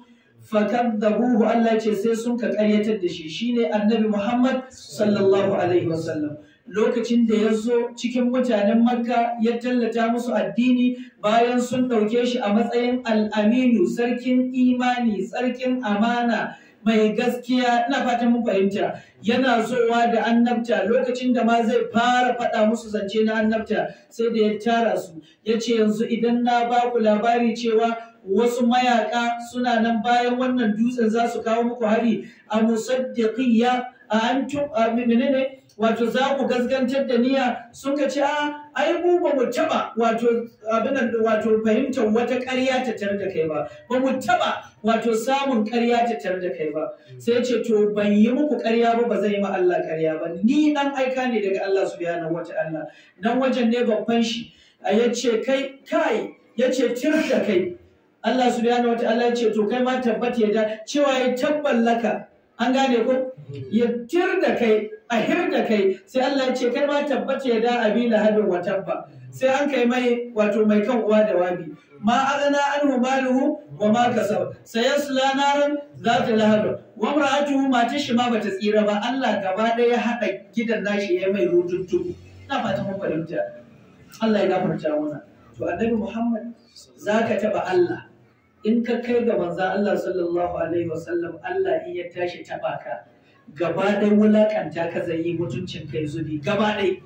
da fakadzabuhu Allah ce sai sun ka karyatar da shi shine annabi Muhammad sallallahu lokacin da ya zo cikin mutanen makka ya tallata musu addini bayan sun ɗauke shi a matsayin al'aminu tsarkin imani tsarkin amana mai gaskiya ina fatan mun fahimta yana zowa da annabta lokacin da ma zai fara faɗa musu zance na annabta sai da ya tara su ya ce yanzu idan na ba ku labari cewa wasu mayaka suna nan bayan wannan dutsen za su kawo muku hari a musaddiqiyya a antum a menene wato za ku gaskantar da niyya sun ka ce a ai mu ba mu taba wato abin wato fahimtar wata ƙarya ta tar da kai ba ba mu taba wato samun ƙarya ta tar da kai ba sai ce to ban yi muku ƙarya ba ba zai ma Allah ƙarya ba ni dan aika ne daga Allah subhanahu wata'ala nan wajen ne babban shi a yace kai kai ya da kai Allah subhanahu wata ya ce to kai ma tabbata ya da cewa ya tabbalaka. an gane ko ya tir da kai a hir da kai sai Allah ya ce kai ma tabbata ya da abi lahabin wa tabba sai an kai mai wato mai kan uwa da wabi ma azana anhu maluhu wa ma kasab yasla naran zata lahab wa imra'atuhu matar shi ma bata tsira ba Allah gaba ɗaya ya hada gidan nashi ya mai rututu na fata mun fahimta Allah ya gafarta mana to annabi Muhammad zaka taba Allah in ka kai ga manzan Allah sallallahu alaihi wasallam Allah in ya tashi taɓa ka gaba ɗaya wulaƙanta ka zai yi mutuncin kai zubi gaba ɗaya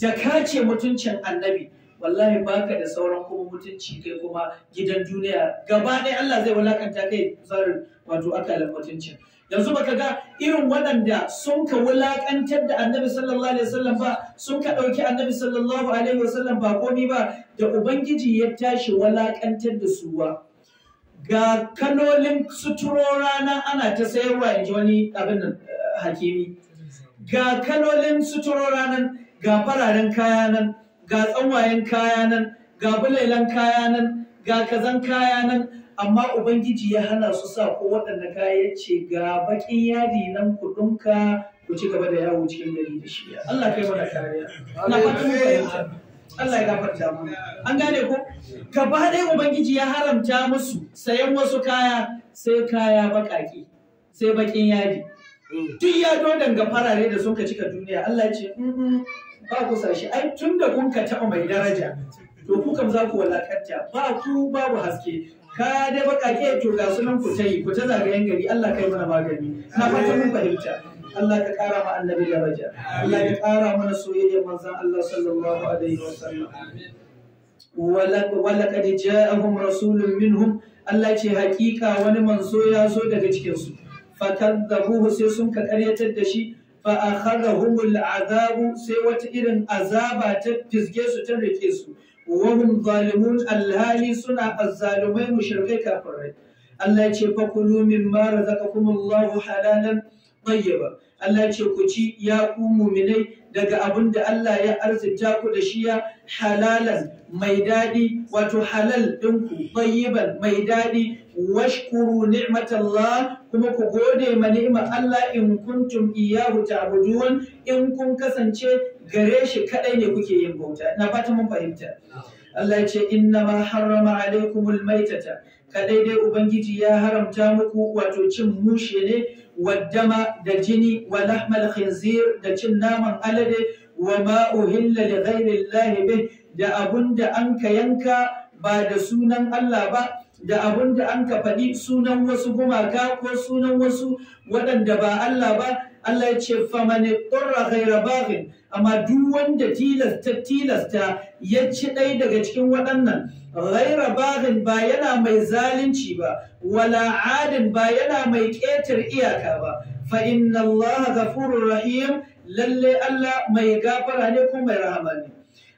da ka ce mutuncin annabi wallahi baka da sauran kuma mutunci kai kuma gidan duniya gaba ɗaya Allah zai wulaƙanta kai tsarin wato akalin mutuncin yanzu baka ga irin waɗanda sun ka wulaƙantar da annabi sallallahu alaihi wasallam ba sun ka ɗauki annabi sallallahu alaihi wasallam ba komi ba da ubangiji ya tashi wulaƙantar da su ba ga kanolin suturo rana ana ta sayarwa in ji wani abin nan eh, hakimi ga kalolin suturo ranan ga fararen kaya nan ga tsanwayen kaya nan ga bulailan kaya nan ga kazan kaya nan amma ubangiji ya hana su sa ko waɗanda kaya ya ce ga bakin yadi nan kuɗinka ku ci gaba da yawo cikin gari da shi Allah kai mana kariya Allah ya gafarta mu an gane ko gaba ɗaya ubangiji ya haramta musu sayan wasu kaya sai kaya baƙaƙe sai baƙin yadi duk ya dodan ga farare da sun ka cika duniya Allah ce ba ku sashi ai tun da kun ka taɓa mai daraja to ku kam za ku walakarta, ba ku babu haske ka dai baƙaƙe to ga sunan ku ta yi ku ta zagayen gari Allah kai mana magani na fata mun fahimta Allah ya ƙara ma annabi daraja Allah ya ƙara mana soyayya manzon Allah sallallahu alaihi wasallam ولقد جاءهم رسول منهم Allah ce hakika wani manzo ya zo daga cikinsu buhu sai sun ka karyatar da shi fa akhadahumul azabu sai wata irin azaba ta fisge su ta rike su wahum zalimun alhali suna azzalumai mushrikai kafirai Allah ce fa kulu mimma razaqakumullahu halalan tayyiba Allah ce ku ci ya ku muminai daga abin da Allah ya arzita ku da shiya halalan mai daɗi wato halal ɗinku tayyiban mai daɗi washkuru ni'matallah kuma ku gode ma ni'imar Allah in kuntum iyyahu ta'budun in kun kasance gare shi kadai ne kuke yin bauta na fata mun fahimta Allah ya ce inna ma harrama alaikumul maitata kadai dai ubangiji ya haramta muku wato cin mushe ne waddama da jini wa lahmal khinzir da cin naman alade wa ma uhilla li ghairi llahi bih da an ka yanka ba da sunan Allah ba da abun da an ka faɗi sunan wasu gumaka ko sunan wasu waɗanda ba Allah ba Allah ya ce faman qurra ghayra baghin amma duk wanda tilasta tilasta ya ci ɗaya daga cikin waɗannan ghayra baghin ba yana mai zalunci ba wala adin ba yana mai ƙetar iyaka ba fa inna Allah ghafurur rahim lalle Allah mai gafara ne kuma mai rahama ne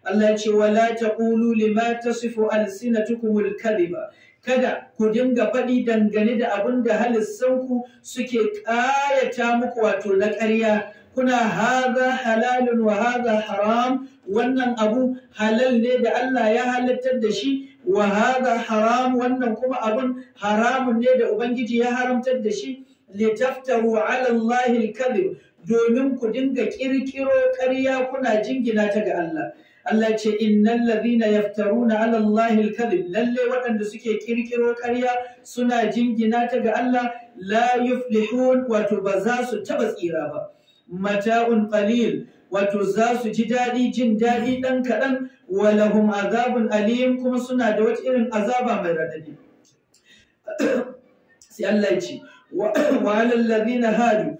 Allah ya ce wala taqulu lima tasifu alsinatukumul kadhiba kada ku dinga faɗi dangane da abin da halissanku suke ƙayata muku wato na ƙarya kuna haza halalun wa haza haram wannan abu halal ne da Allah ya halittar da shi wa haza haram wannan kuma abun haramun ne da Ubangiji ya haramtar da shi litaftaru ala Allahil kadhib domin ku dinga kirkiro ƙarya kuna jingina ta ga Allah Allah ce innal Ladina yaftaruna ala Allahi al-kadhib lalle waɗanda suke kirkiro ƙarya suna jingina ta ga Allah la yuflihun wato ba za su taba tsira ba mata'un qalil wato za su ji daɗi jin daɗi ɗan kaɗan walahum azabun alim kuma suna da wata irin azaba mai raɗaɗi [coughs] sai Allah ya ce wa hadu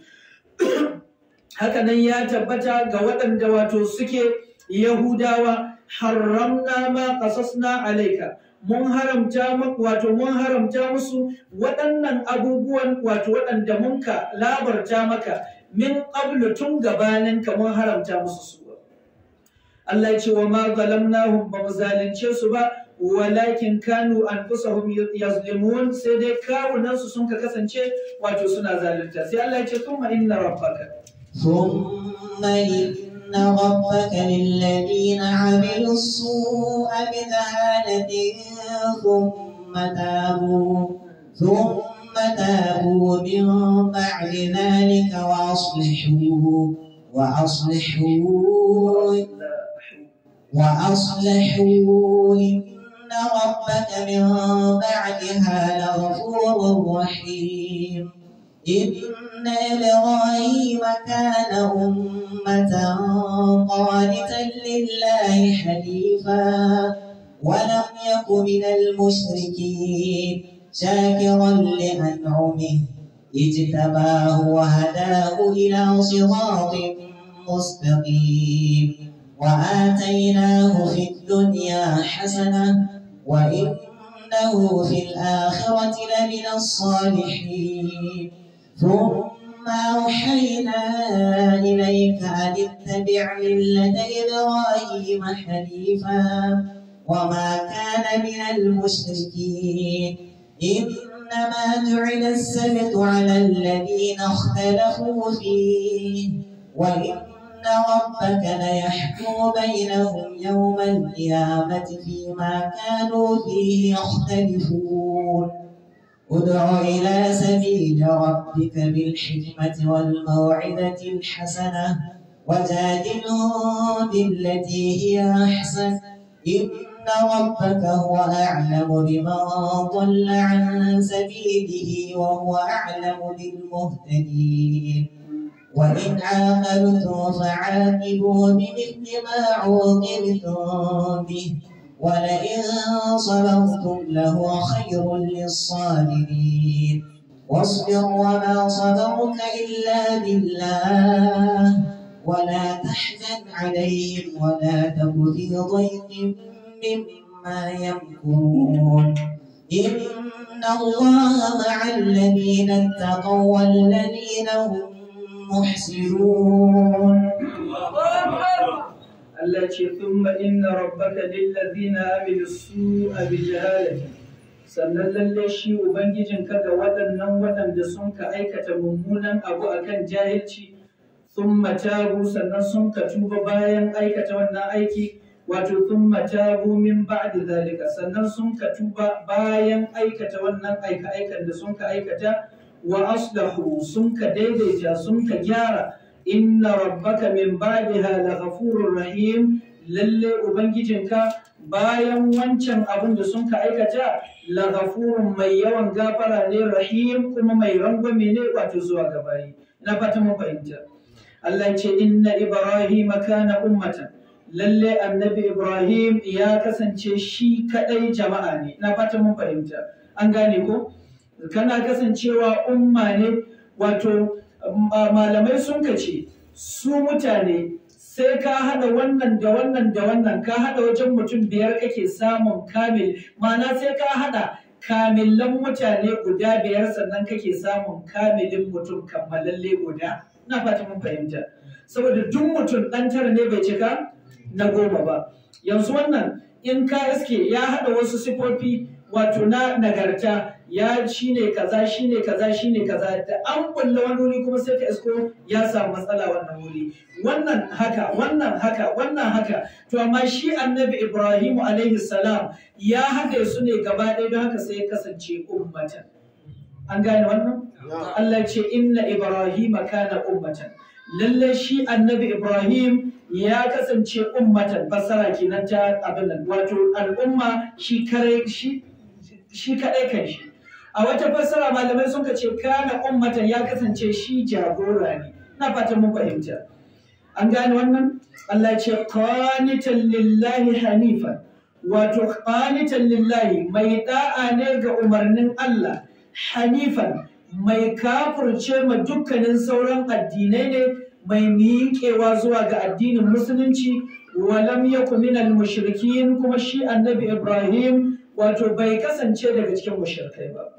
[coughs] haka nan ya tabbata ga waɗanda wato suke yahudawa haramna ma kasasna alaika, mun haramta wato mun haramta musu waɗannan abubuwan wato waɗanda mun ka labarta maka min ƙabla tun gabanin ka mun haramta musu su Allah ya ce wa ma zalamnahum ba mu zalunce su ba walakin kanu yanzu yazlimun sai dai kawunansu su sun ka kasance wato suna zalunta sai Allah ya ce kuma inna rabbaka thumma إن ربك للذين عملوا السوء بجهالة ثم تابوا ثم تابوا من بعد ذلك وأصلحوا وأصلحوا وأصلحوا إن ربك من بعدها لغفور رحيم إن إبراهيم كان أمة قانتا لله حنيفا ولم يك من المشركين شاكرا لأنعمه اجتباه وهداه إلى صراط مستقيم وآتيناه في الدنيا حسنة وإنه في الآخرة لمن الصالحين ثم أوحينا إليك أن اتبع ملة إبراهيم حنيفا وما كان من المشركين إنما جعل السبت على الذين اختلفوا فيه وإن ربك ليحكم بينهم يوم القيامة فيما كانوا فيه يختلفون ادع إلى سبيل ربك بالحكمة والموعظة الحسنة وجادلهم بالتي هي أحسن إن ربك هو أعلم بمن ضل عن سبيله وهو أعلم بالمهتدين وإن عاقبتم فعاقبوا بمثل ما عوقبتم به ولئن صبرتم لهو خير للصابرين واصبر وما صبرك إلا بالله ولا تحزن عليهم ولا تك في ضيق مما يمكرون إن الله مع الذين اتقوا والذين هم محسنون Allah ce thumma inna rabbaka lillazina amilu su'a bi jahalati sannan lalle shi ubangijin ka ga waɗannan waɗanda sun ka aikata mummunan abu akan jahilci thumma tabu sannan sun ka tuba bayan aikata wannan aiki wato thumma tabu min ba'di zalika sannan sun ka tuba bayan aikata wannan aika aikan da sun ka aikata wa aslahu sun ka daidaita sun ka gyara inna rabbaka min ba'daha laghafurur rahim lalle ubangijinka bayan wancan abin da sun ka aikata laghafurun mai yawan gafara ne rahim kuma mai rangwame ne wato zuwa gabari na fata mun fahimta Allah ce inna ibrahim kana ummatan lalle annabi ibrahim ya kasance shi kadai jama'a ne na fata mun fahimta an gane ko kana kasancewa umma ne wato malamai sun kace su mutane sai ka haɗa wannan da wannan da wannan ka haɗa wajen mutum biyar kake samun kamil ma'ana sai ka haɗa kamillan mutane guda biyar sannan kake samun kamilin mutum kammalalle guda na fata mun fahimta saboda duk mutum ɗantar tara ne bai cika na goma ba yanzu wannan in ka iske ya haɗa wasu sifofi wato na nagarta ya ne kaza shi ne kaza shi ne kaza da an kulle wani wuri kuma sai ka isko ya samu matsala wannan wuri wannan haka wannan haka wannan haka to amma shi annabi Ibrahim alaihi salam ya haɗe su ne gaba ɗaya don haka sai ya kasance ummatan an gane wannan Allah ce inna Ibrahim kana ummatan lalle shi annabi Ibrahim ya kasance ummatan Fasara, kenan ta abin nan wato al'umma shi kare shi shi kaɗai kan shi a wata fassara malamai suka ce kana ummatan ya kasance shi jagora ne na fatan mun fahimta an gane wannan Allah ce qanitan lillahi hanifan wato qanitan lillahi mai da'a ne ga umarnin Allah hanifan mai kafurce ma dukkanin sauran addinai ne mai miƙewa zuwa ga addinin musulunci walam yakun minal mushrikin kuma shi annabi Ibrahim wato bai kasance daga cikin mushrikai ba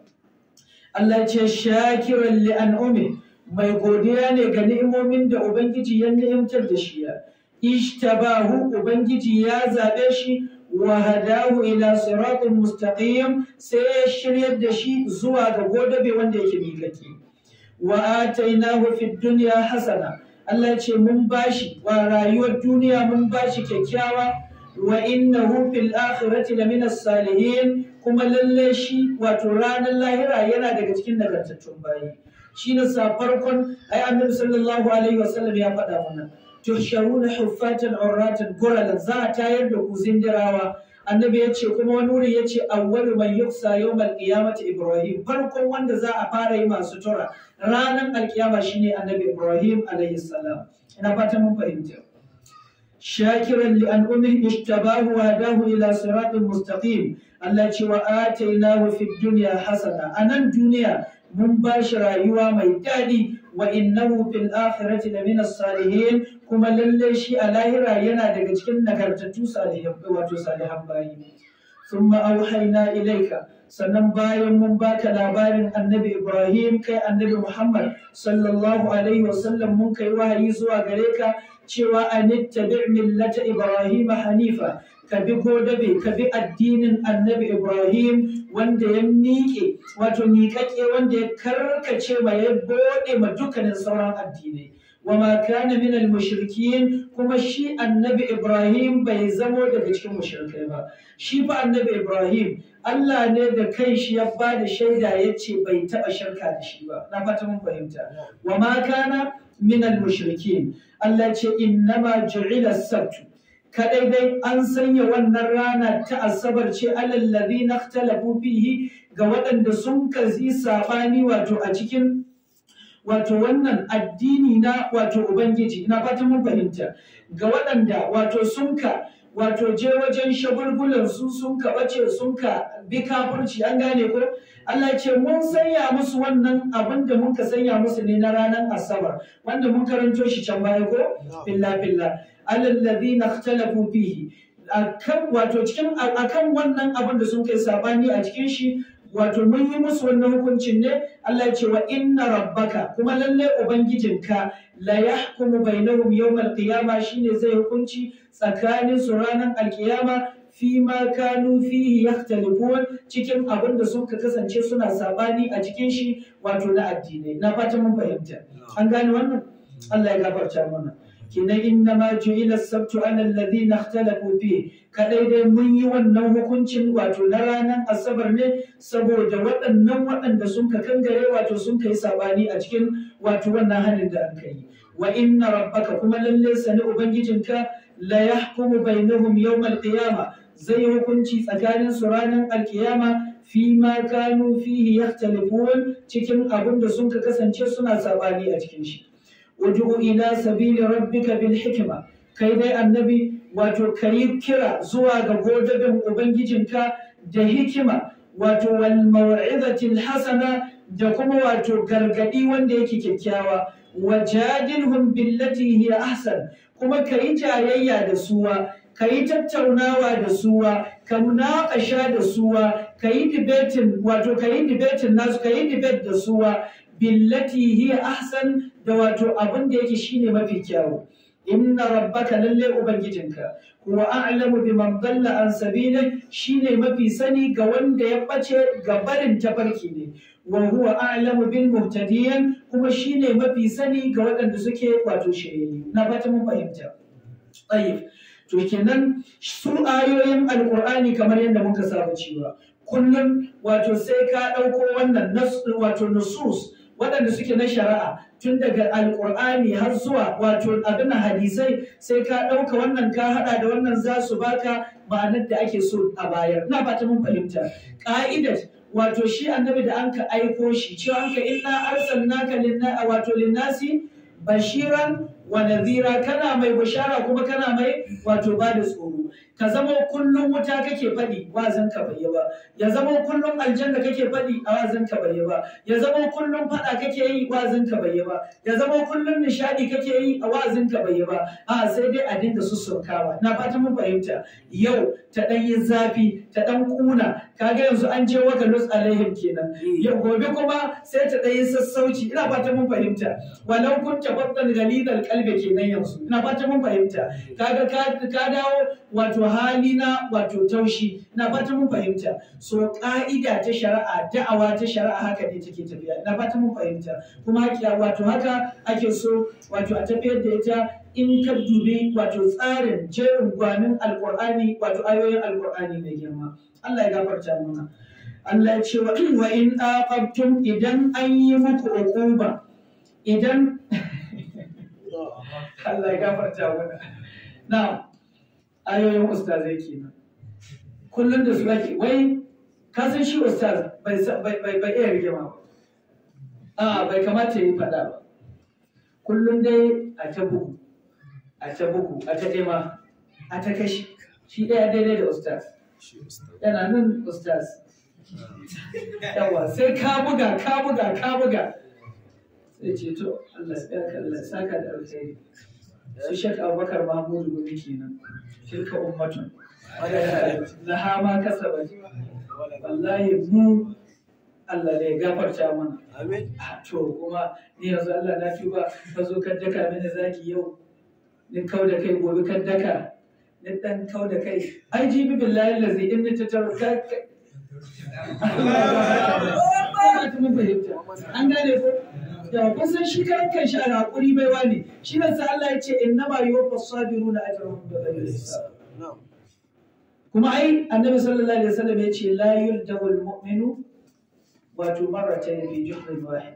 Allah ce shakiran li an'umi mai godiya ne ga ni'imomin da ubangiji ya ni'imtar da shi ya. ishtabahu ubangiji ya zaɓe shi wa hadahu ila siratin mustaqim sai ya shiryar da shi zuwa ga godabe wanda yake mikaki wa atainahu fid dunya hasana Allah ce mun bashi wa rayuwar duniya mun bashi kyakkyawa wa innahu fil da lamina salihin kuma lalle wato ranar lahira yana daga cikin nagartattun bayi shi ne sa farkon ai annabi sallallahu alaihi wasallam ya faɗa mana tuhsharuna huffatan urratan guralan za a tayar da ku zindirawa annabi ya ce kuma wani wuri ya ce awwalu man yuksa yawmal qiyamati ibrahim farkon wanda za a fara yi masu tura ranar alkiyama shine annabi ibrahim alaihi salam ina fatan mun fahimta شاكرا لأنعمه اجتباه وهداه إلى صراط مستقيم التي وآتيناه في الدنيا حسنة أنا الدنيا مباشرة يوم التالي وإنه في الآخرة لمن الصالحين كما للشي ألاهرا ينا دقشكن نكرتتو صالحين واتو صالحين باين ثم أوحينا إليك sannan bayan mun baka labarin annabi Ibrahim kai annabi Muhammad sallallahu alaihi wasallam mun kai wahayi zuwa gare ka cewa a nittabi millata Ibrahim Hanifa ka bi godabe ka bi addinin annabi Ibrahim wanda ya miƙe wato miƙaƙe wanda ya karkace ma ya bode ma dukkanin sauran addinai wama kana min al kuma shi annabi Ibrahim bai zamo daga cikin mushrikai ba shi fa annabi Ibrahim Allah ne da kai shi ya bada shaida yace bai taɓa shirka da shi ba na fata mun fahimta wama kana min al-mushrikin Allah ce innama ju'ila as-sabtu kadai dai an sanya wannan rana ta asabar ce alal ladina ikhtalafu ga waɗanda sun kazi sabani wato a wannan addini ubangiji na fatan mun fahimta ga waɗanda wato sun ka wato je wajen shagulgulan su sun ka bace sun ka bi kafurci an gane ko Allah ce mun sanya musu wannan abin da muka sanya musu ne na ranar asabar wanda mun karanto shi can baya ko billa billa alladhina ikhtalafu fihi akan wato cikin akan wannan abin da sun kai sabani a cikin shi wato mun yi musu wannan hukuncin ne Allah ya ce wa inna rabbaka kuma lalle ubangijinka la yahkumu bainahum yawmal qiyama shine zai hukunci tsakanin su ranar alkiyama fi ma kanu fihi yahtalifun cikin abin da suka kasance suna sabani a cikin shi wato na addinai na fata mun fahimta an gane wannan mm. Allah ya gafarta mana kenan innama ju'ila sabtu ala alladhina ikhtalafu fi kadai dai mun yi wannan hukuncin wato na ranar asabar ne saboda waɗannan waɗanda sun ka kangare wato sun kai sabani a cikin wato wannan hanin da an kai wa inna rabbaka kuma lalle sani ubangijinka la yahkumu bainahum yawmal qiyama zai hukunci tsakanin su ranar alkiyama fi ma kanu fihi yahtalifun cikin abin da sun ka kasance suna sabani a cikin shi ud'u ila sabili rabbika bil hikma kai dai annabi wato kayi kira zuwa ga godabin ubangijinka da hikima wato wal hasana da kuma wato gargadi wanda yake kyakkyawa wajadilhum Lati hiya ahsan kuma kayi jayayya da suwa kayi tattaunawa da suwa ka munaqasha da suwa kayi debating wato kayi debating nasu kayi debate da suwa Lati hiya ahsan da wato abin da yake shine mafi kyawu inna rabbaka lalle ubangijinka huwa a'lamu biman dalla an sabili shine mafi sani ga wanda ya bace ga barin tafarki ne wa huwa a'lamu bil muhtadiyan kuma shine mafi sani ga waɗanda suke wato shirye na fata mun fahimta tayyib to kenan su ayoyin alqur'ani kamar yadda muka saba cewa kullum wato sai ka ɗauko wannan wato nusus waɗanda suke na shari'a tun daga alƙur'ani har zuwa wato abinan hadisai sai ka ɗauka wannan ka haɗa da wannan za su baka ma'anar da ake so a bayar na ta mun fahimta ƙa'idar wato shi annabi da an ka aiko shi cewa an ka inna arsalnaka ka wato linnasi bashiran wa nadhira kana mai bashara kuma kana mai wato ba da tsoro ka zama kullum wuta kake faɗi wazin ka bai ba ya zama kullum aljanna kake faɗi a ka bai ba ya zama kullum faɗa kake yi wazin ka bai ba ya zama kullum nishadi kake yi a wazin ka bai ba a sai dai a dinga sussunkawa na fata mun fahimta yau ta dan yi zafi ta dan kuna kaga yanzu an je waka lus alaihim kenan yau gobe kuma sai ta dan yi sassauci ina fata mun fahimta walau kun tabbatar galidal kalbi kenan yanzu ina fata mun fahimta kaga ka dawo wato wato hali na wato taushi na fata mun fahimta so ka'ida ta shari'a da'awa ta shari'a haka ne take tafiya na fata mun fahimta kuma haka wato haka ake so wato a tafiyar da ita in ka dubi wato tsarin jerin gwanin alkur'ani wato ayoyin alkur'ani mai girma Allah ya gafarta mana Allah ya ce wa in aqabtum idan an yi muku uquba idan [laughs] Allah ya gafarta mana na'am ayoyin ustazai kenan kullum da su ake wai ka san shi ustaz bai iya rigima ba a bai kamata ya yi faɗa ba kullum dai a ta buku a ta buku a ta ɗema a ta kashi shi ɗaya daidai da ustaz yana nan ustaz yawa sai ka buga ka buga ka buga sai ce to Allah ya saka da alheri su shek abubakar mahmudu gumi kenan tilka ummatun laha ma kasabat wallahi mu Allah ne gafarta mana amin ah, to kuma ni yanzu Allah na tuba ka zo ka daka mini zaki yau ni kau da kai gobe ka daka ni dan kau da kai ai jibi billahi lazi in ni ta tarka [laughs] an gane ko da kusan shi karan kan shi a raƙuri bai ne shi ne sai Allah ya ce inna ma yuwaffa sabiruna ajrahum bi ghairi hisab kuma ai annabi sallallahu alaihi wasallam ya ce la yuldahu almu'minu wato marratan fi juhrin wahid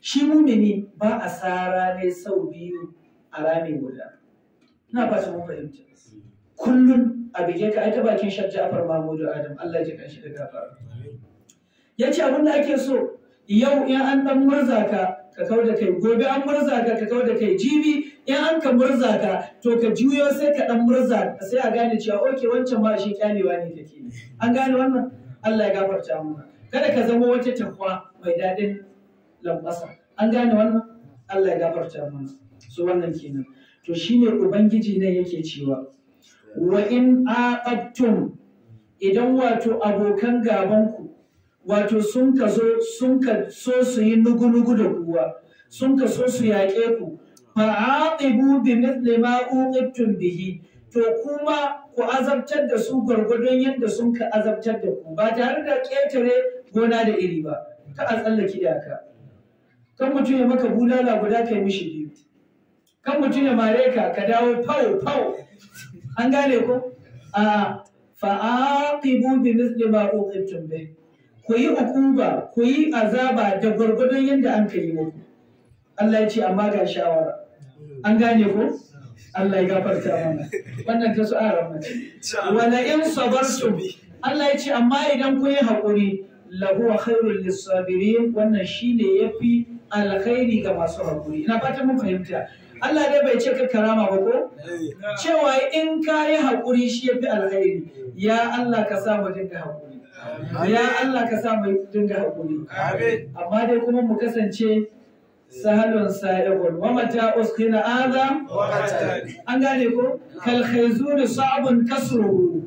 shi mumini ba a sara ne sau biyu a rami guda ina fata mun fahimta kullun a bige ka ta bakin shajja afar mahmudu adam Allah ya ji kanshi da gafara yace abin da ake so yau in an dan murza ka ka kawo da kai gobe an murza ka ka kawo da kai jibi in an ka murza ka to ka juyo sai ka dan murza sai a gane cewa oke wancan ba shi kyalewa ne take an gane wannan Allah ya gafarta mu kada ka zama wata takwa mai dadin lambasa an gane wannan Allah ya gafarta mu so wannan kenan to shine ubangiji ne yake cewa wa in aqattum idan wato abokan gaban ku wato sun ka zo sun ka so su yi nugu-nugu da kuwa sun ka so su yaƙe ku fa'aqibu bi mithli ma uqibtum bihi to kuma ku azabtar da su gwargwadon yadda sun ka azabtar da ku ba tare da ƙetare gona da iri ba ka a tsallaki iyaka kan mutum ya maka bulala guda kai mishi biyu kan mutum ya mare ka ka dawo fau fau an gane ko a fa'aqibu bi mithli ma uqibtum bihi ku yi hukuma ku yi azaba da gwargwadon yadda an ka yi muku Allah ya ce amma ga shawara an gane ko Allah ya gafarta mana wannan ta su ara mace wala in sabartum Allah ya ce amma idan ku yi haƙuri lahu khairul lisabirin wannan shine yafi alkhairi ga masu hakuri ina fata mun fahimta Allah dai bai ce ka karama ba ko? Cewa in ka yi haƙuri shi yafi fi alkhairi, ya Allah ka sa mu dinga haƙuri. ya Allah ka sa mu dinga haƙuri amma dai kuma mu kasance sahalun sa'ibun wa mata uskina azam an gane ko kal khayzun sa'bun kasru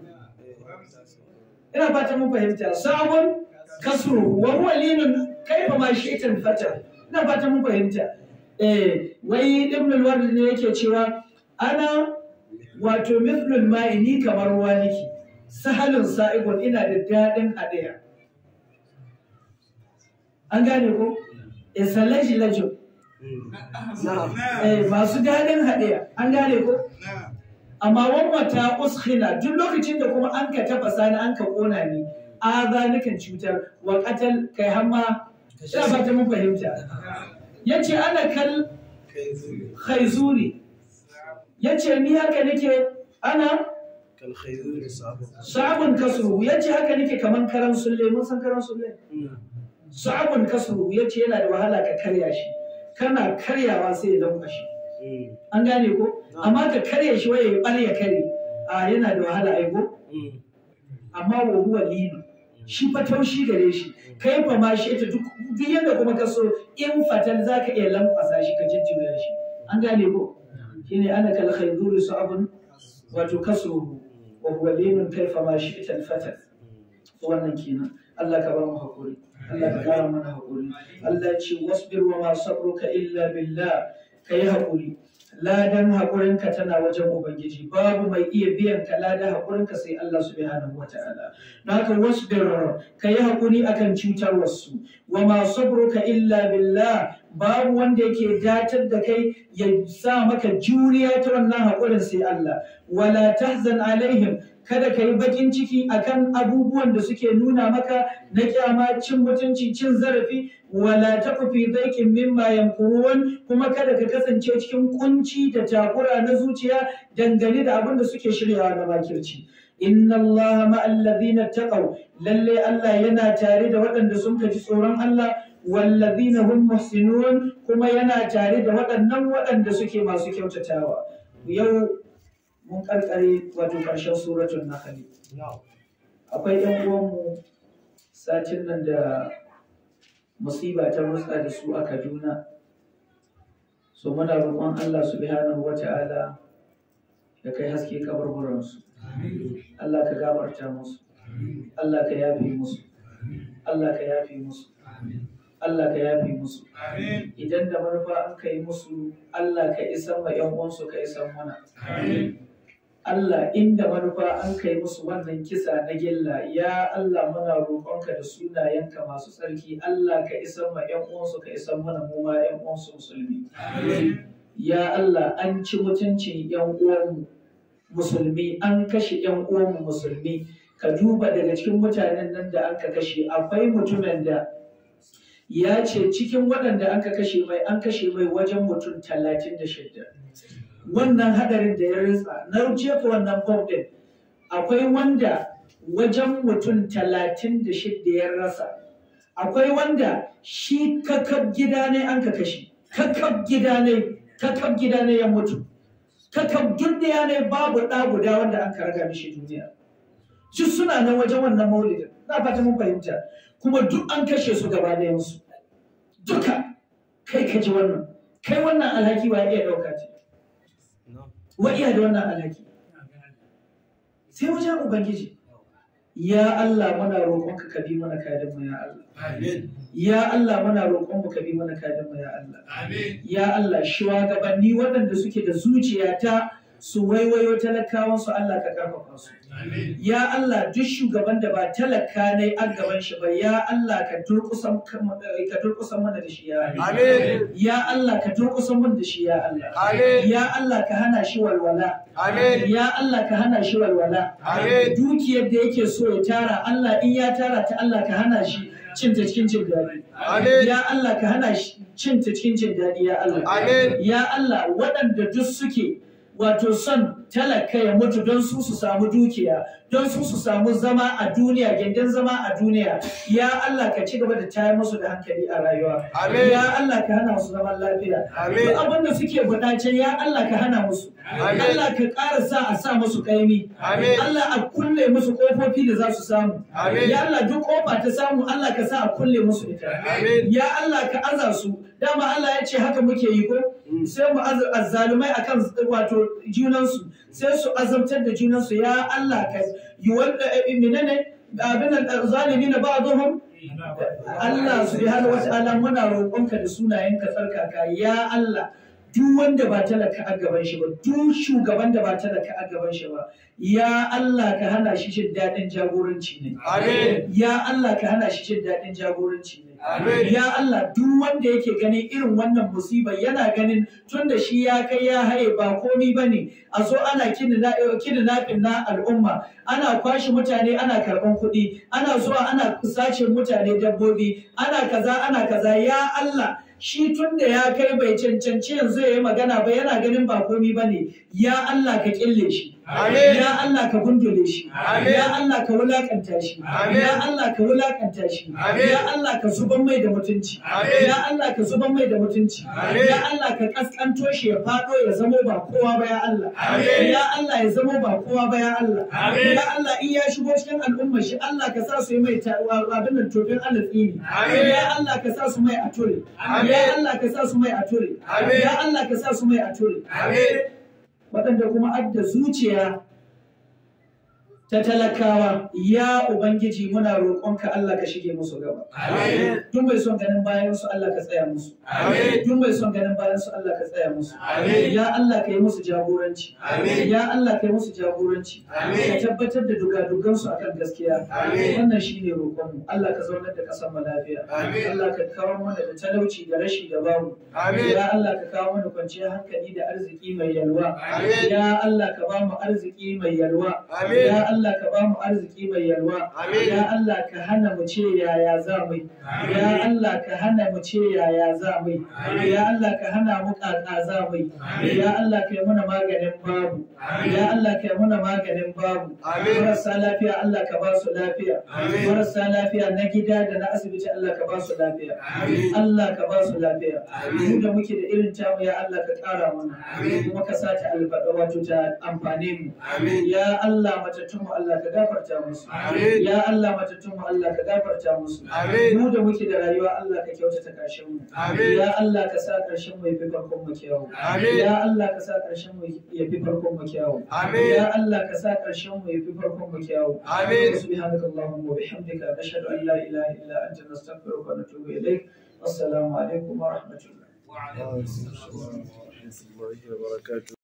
ina fata mun fahimta sa'bun kasru wa huwa linun kaifa ma shaitan fata ina fata mun fahimta eh wai ibn al wardi ne yake cewa ana wato mithlul ma'ini kamar ruwa nake sahalin sa'ibun ina da daɗin haɗiya an gane ko isa laji lajo masu daɗin haɗiya an gane ko hmm. amma ta uskhina duk lokacin da kuma an ka tafasa ni an ka ƙona ni a zanukan cutar wa ƙatal kai hamma ba ta mun fahimta hmm. yace ana kal khaizuri yace ni haka nake ana sabon kasru ya ce haka nake kaman karan sulle mun san karan sulle sabon kasru ya ce yana da wahala ka karya shi kana karyawa sai ya shi an gane ko amma ka karya shi waye ya bar ya kare a yana da wahala ai ko amma wa huwa linu shi fa taushi gare shi kai fa ma shi ta duk duk yadda kuma ka so in fatan zaka iya lankwasa shi ka jijjiga shi an gane ko shine ana kal khayduru sabun wato kasruhu wa huwa linun kai fa ma shi ita fatat wannan kenan Allah ka ba mu hakuri Allah ka kara mana hakuri Allah ce wasbir wa ma sabruka illa billah kai hakuri ladan haƙurinka tana wajen Ubangiji babu mai iya biyan ka ladan hakurinka sai Allah subhanahu wata'ala na ka wasu ka yi akan cutar wasu wa ma sabruka illa billah babu wanda yake datar da kai ya sa maka juriya ta wannan haƙurin sai Allah wala tahzan alaihim kada ka yi bakin ciki akan abubuwan da suke nuna maka na kyama cin mutunci cin zarafi wala taqu fi dhaikin mimma yankurun kuma kada ka kasance cikin kunci da takura na zuciya dangane da abin da suke shiryawa na makirci inna allaha ma'al ladina taqaw lalle Allah yana tare da waɗanda sun ji tsoron Allah wallazina hum muhsinun kuma yana tare da waɗannan waɗanda suke masu kyautatawa yau mun ƙarƙare wato ƙarshen suratul nahl akwai yan uwan mu satin nan da musiba ta rutsa da su a Kaduna so muna roƙon Allah subhanahu wata'ala da kai haske kaburburansu Allah ka gabarta musu Allah ka yafe musu Allah ka yafe musu Allah ka yafi musu idan da manufa an ka yi musu Allah ka isan ma yan uwansu ka isan mana Allah inda manufa an kai musu wannan kisa na gilla ya Allah muna roƙonka da sunayenka masu tsarki Allah ka isan ma ƴan uwansu ka isan mana mu ma ƴan uwansu musulmi ya Allah an ci mutuncin ƴan uwanmu musulmi an kashe ƴan uwanmu musulmi ka duba daga cikin mutanen nan da aka kashe akwai mutumin da ya ce cikin waɗanda an ka kashe mai an kashe mai wajen mutum talatin da shida wannan hadarin da ya rutsa na jefa wannan bom akwai wanda wajen mutum talatin da shida ya rasa akwai wanda shi kakab gida ne an ka kashe kakab gida ne kakab gida ne ya mutu kakab duniya ne babu ɗa guda wanda an ka raga mishi duniya su suna na wajen wannan maulidin na fata mun fahimta kuma duk an kashe su gaba da yansu duka kai ka ji wannan kai wannan alhaki ba iya dauka ce wa iya da wannan alhaki sai wajen ubangiji ya Allah muna roƙon ka kabi mana kadin mu ya Allah amin ya Allah muna roƙon mu kabi mana kadin mu ya Allah amin ya Allah gabanni waɗanda suke da zuciya ta su waiwayo talakawansu Allah ka karfafa su ya Allah duk shugaban da ba talaka ne a gaban shi ba ya Allah ka durkusan ka mana da shi ya amin ya Allah ka durkusan mana da shi ya Allah amin ya Allah ka hana shi walwala amin ya Allah ka hana shi walwala amin dukiyar da yake so ya tara Allah in ya tara ta Allah ka hana shi cinta cikin jin daɗi. Ya Allah ka hana shi cinta cikin jin daɗi ya Allah. Ya Allah waɗanda duk suke wato son talaka ya mutu don su su samu dukiya don su su samu zama a duniya gindin zama a duniya ya Allah ka ci gaba da tayar musu da hankali a rayuwa ya Allah ka hana musu zaman lafiya abin da suke buƙace ya Allah ka hana musu Allah ka ƙara sa a sa musu kaimi Allah a kulle musu ƙofofi da za su samu ya Allah duk ƙofa ta samu Allah ka sa a kulle musu ita ya Allah ka aza su dama Allah ya ce haka muke yi ko mm. sai mu azzalumai akan wato junansu sai su azabtar da junansu ya Allah ka yi wanda eh, eh, minane abin eh, zalimi na ba'dhum Allah su subhanahu wa ta'ala muna roƙonka da sunayen sunayenka tsarkaka ya Allah duk wanda ba talaka a gaban shi ba duk shugaban da ba talaka a gaban shi ba ya Allah ka hana shi jin dadin jagoranci ne ya Allah ka hana shi jin dadin jagoranci ne. ya Allah duk wanda yake ganin irin wannan musiba yana ganin tunda shi ya kai ya haye ba komi bane a zo ana kidnapping na al'umma ana kwashe mutane ana karban kuɗi ana zuwa ana sace mutane dabbobi ana kaza ana kaza ya Allah shi tun ya kai bai cancanci yanzu ya yi magana ba yana ganin ba komi bane ya Allah ka kille shi Ya Allah ka gundule shi. Ya Allah ka wulakanta shi. Ya Allah ka wulakanta shi. Ya Allah ka zuban mai da mutunci. Ya Allah ka zuban mai da mutunci. Ya Allah ka kaskanto shi ya fado ya zamo ba kowa ba ya Allah. Ya Allah ya zamo ba kowa ba ya Allah. Ya Allah in ya shigo cikin al'umma shi Allah ka sa su yi mai abin nan tofin alatsi ne. Ya Allah ka sa su mai a ture. Ya Allah ka sa su mai a ture. Ya Allah ka sa su mai a ture. waɗanda kuma adda zuciya ta talakawa ya ubangiji muna roƙonka Allah ka shige musu gaba amin dun bai son ganin bayan su Allah ka tsaya musu amin dun bai son ganin bayan su Allah ka tsaya musu amin ya Allah ka yi musu jagoranci amin ya Allah ka yi musu jagoranci amin ka tabbatar da dugadugan su akan gaskiya amin wannan shine roƙon mu Allah ka zaunar da kasar mu lafiya amin Allah ka kawo mana da talauci da rashi da babu amin ya Allah ka kawo mana kwanciyar hankali da arziki mai yalwa amin ya Allah ka ba mu arziki mai yalwa amin Allah ka ba mu arziki mai yalwa ya Allah ka hana mu ce yaya za mu ya Allah ka hana mu ce yaya za mu ya Allah ka hana mu kaka za mu ya Allah ka yi muna maganin babu ya Allah ka yi muna maganin babu marasa lafiya Allah ka ba su lafiya marasa lafiya na gida da na asibiti Allah ka ba su lafiya Allah ka ba su lafiya mu da muke da irin tamu ya Allah ka kara mana kuma ka sa ta albarka wato ta amfane mu ya Allah matattun mu Allah ka gafarta musu ya Allah matattun mu Allah ka gafarta musu mu da muke da rayuwa Allah ka kyautata karshen mu ya Allah ka sa karshen mu yafi farkon mu kyawu ya Allah ka sa karshen mu yafi farkon mu kyawu ya Allah ka sa karshen mu yafi farkon mu kyawu subhanakallahumma wa bihamdika nashhadu an la ilaha illa anta nastaghfiruka wa natubu ilayk assalamu alaikum wa rahmatullah وعليكم السلام ورحمة الله وبركاته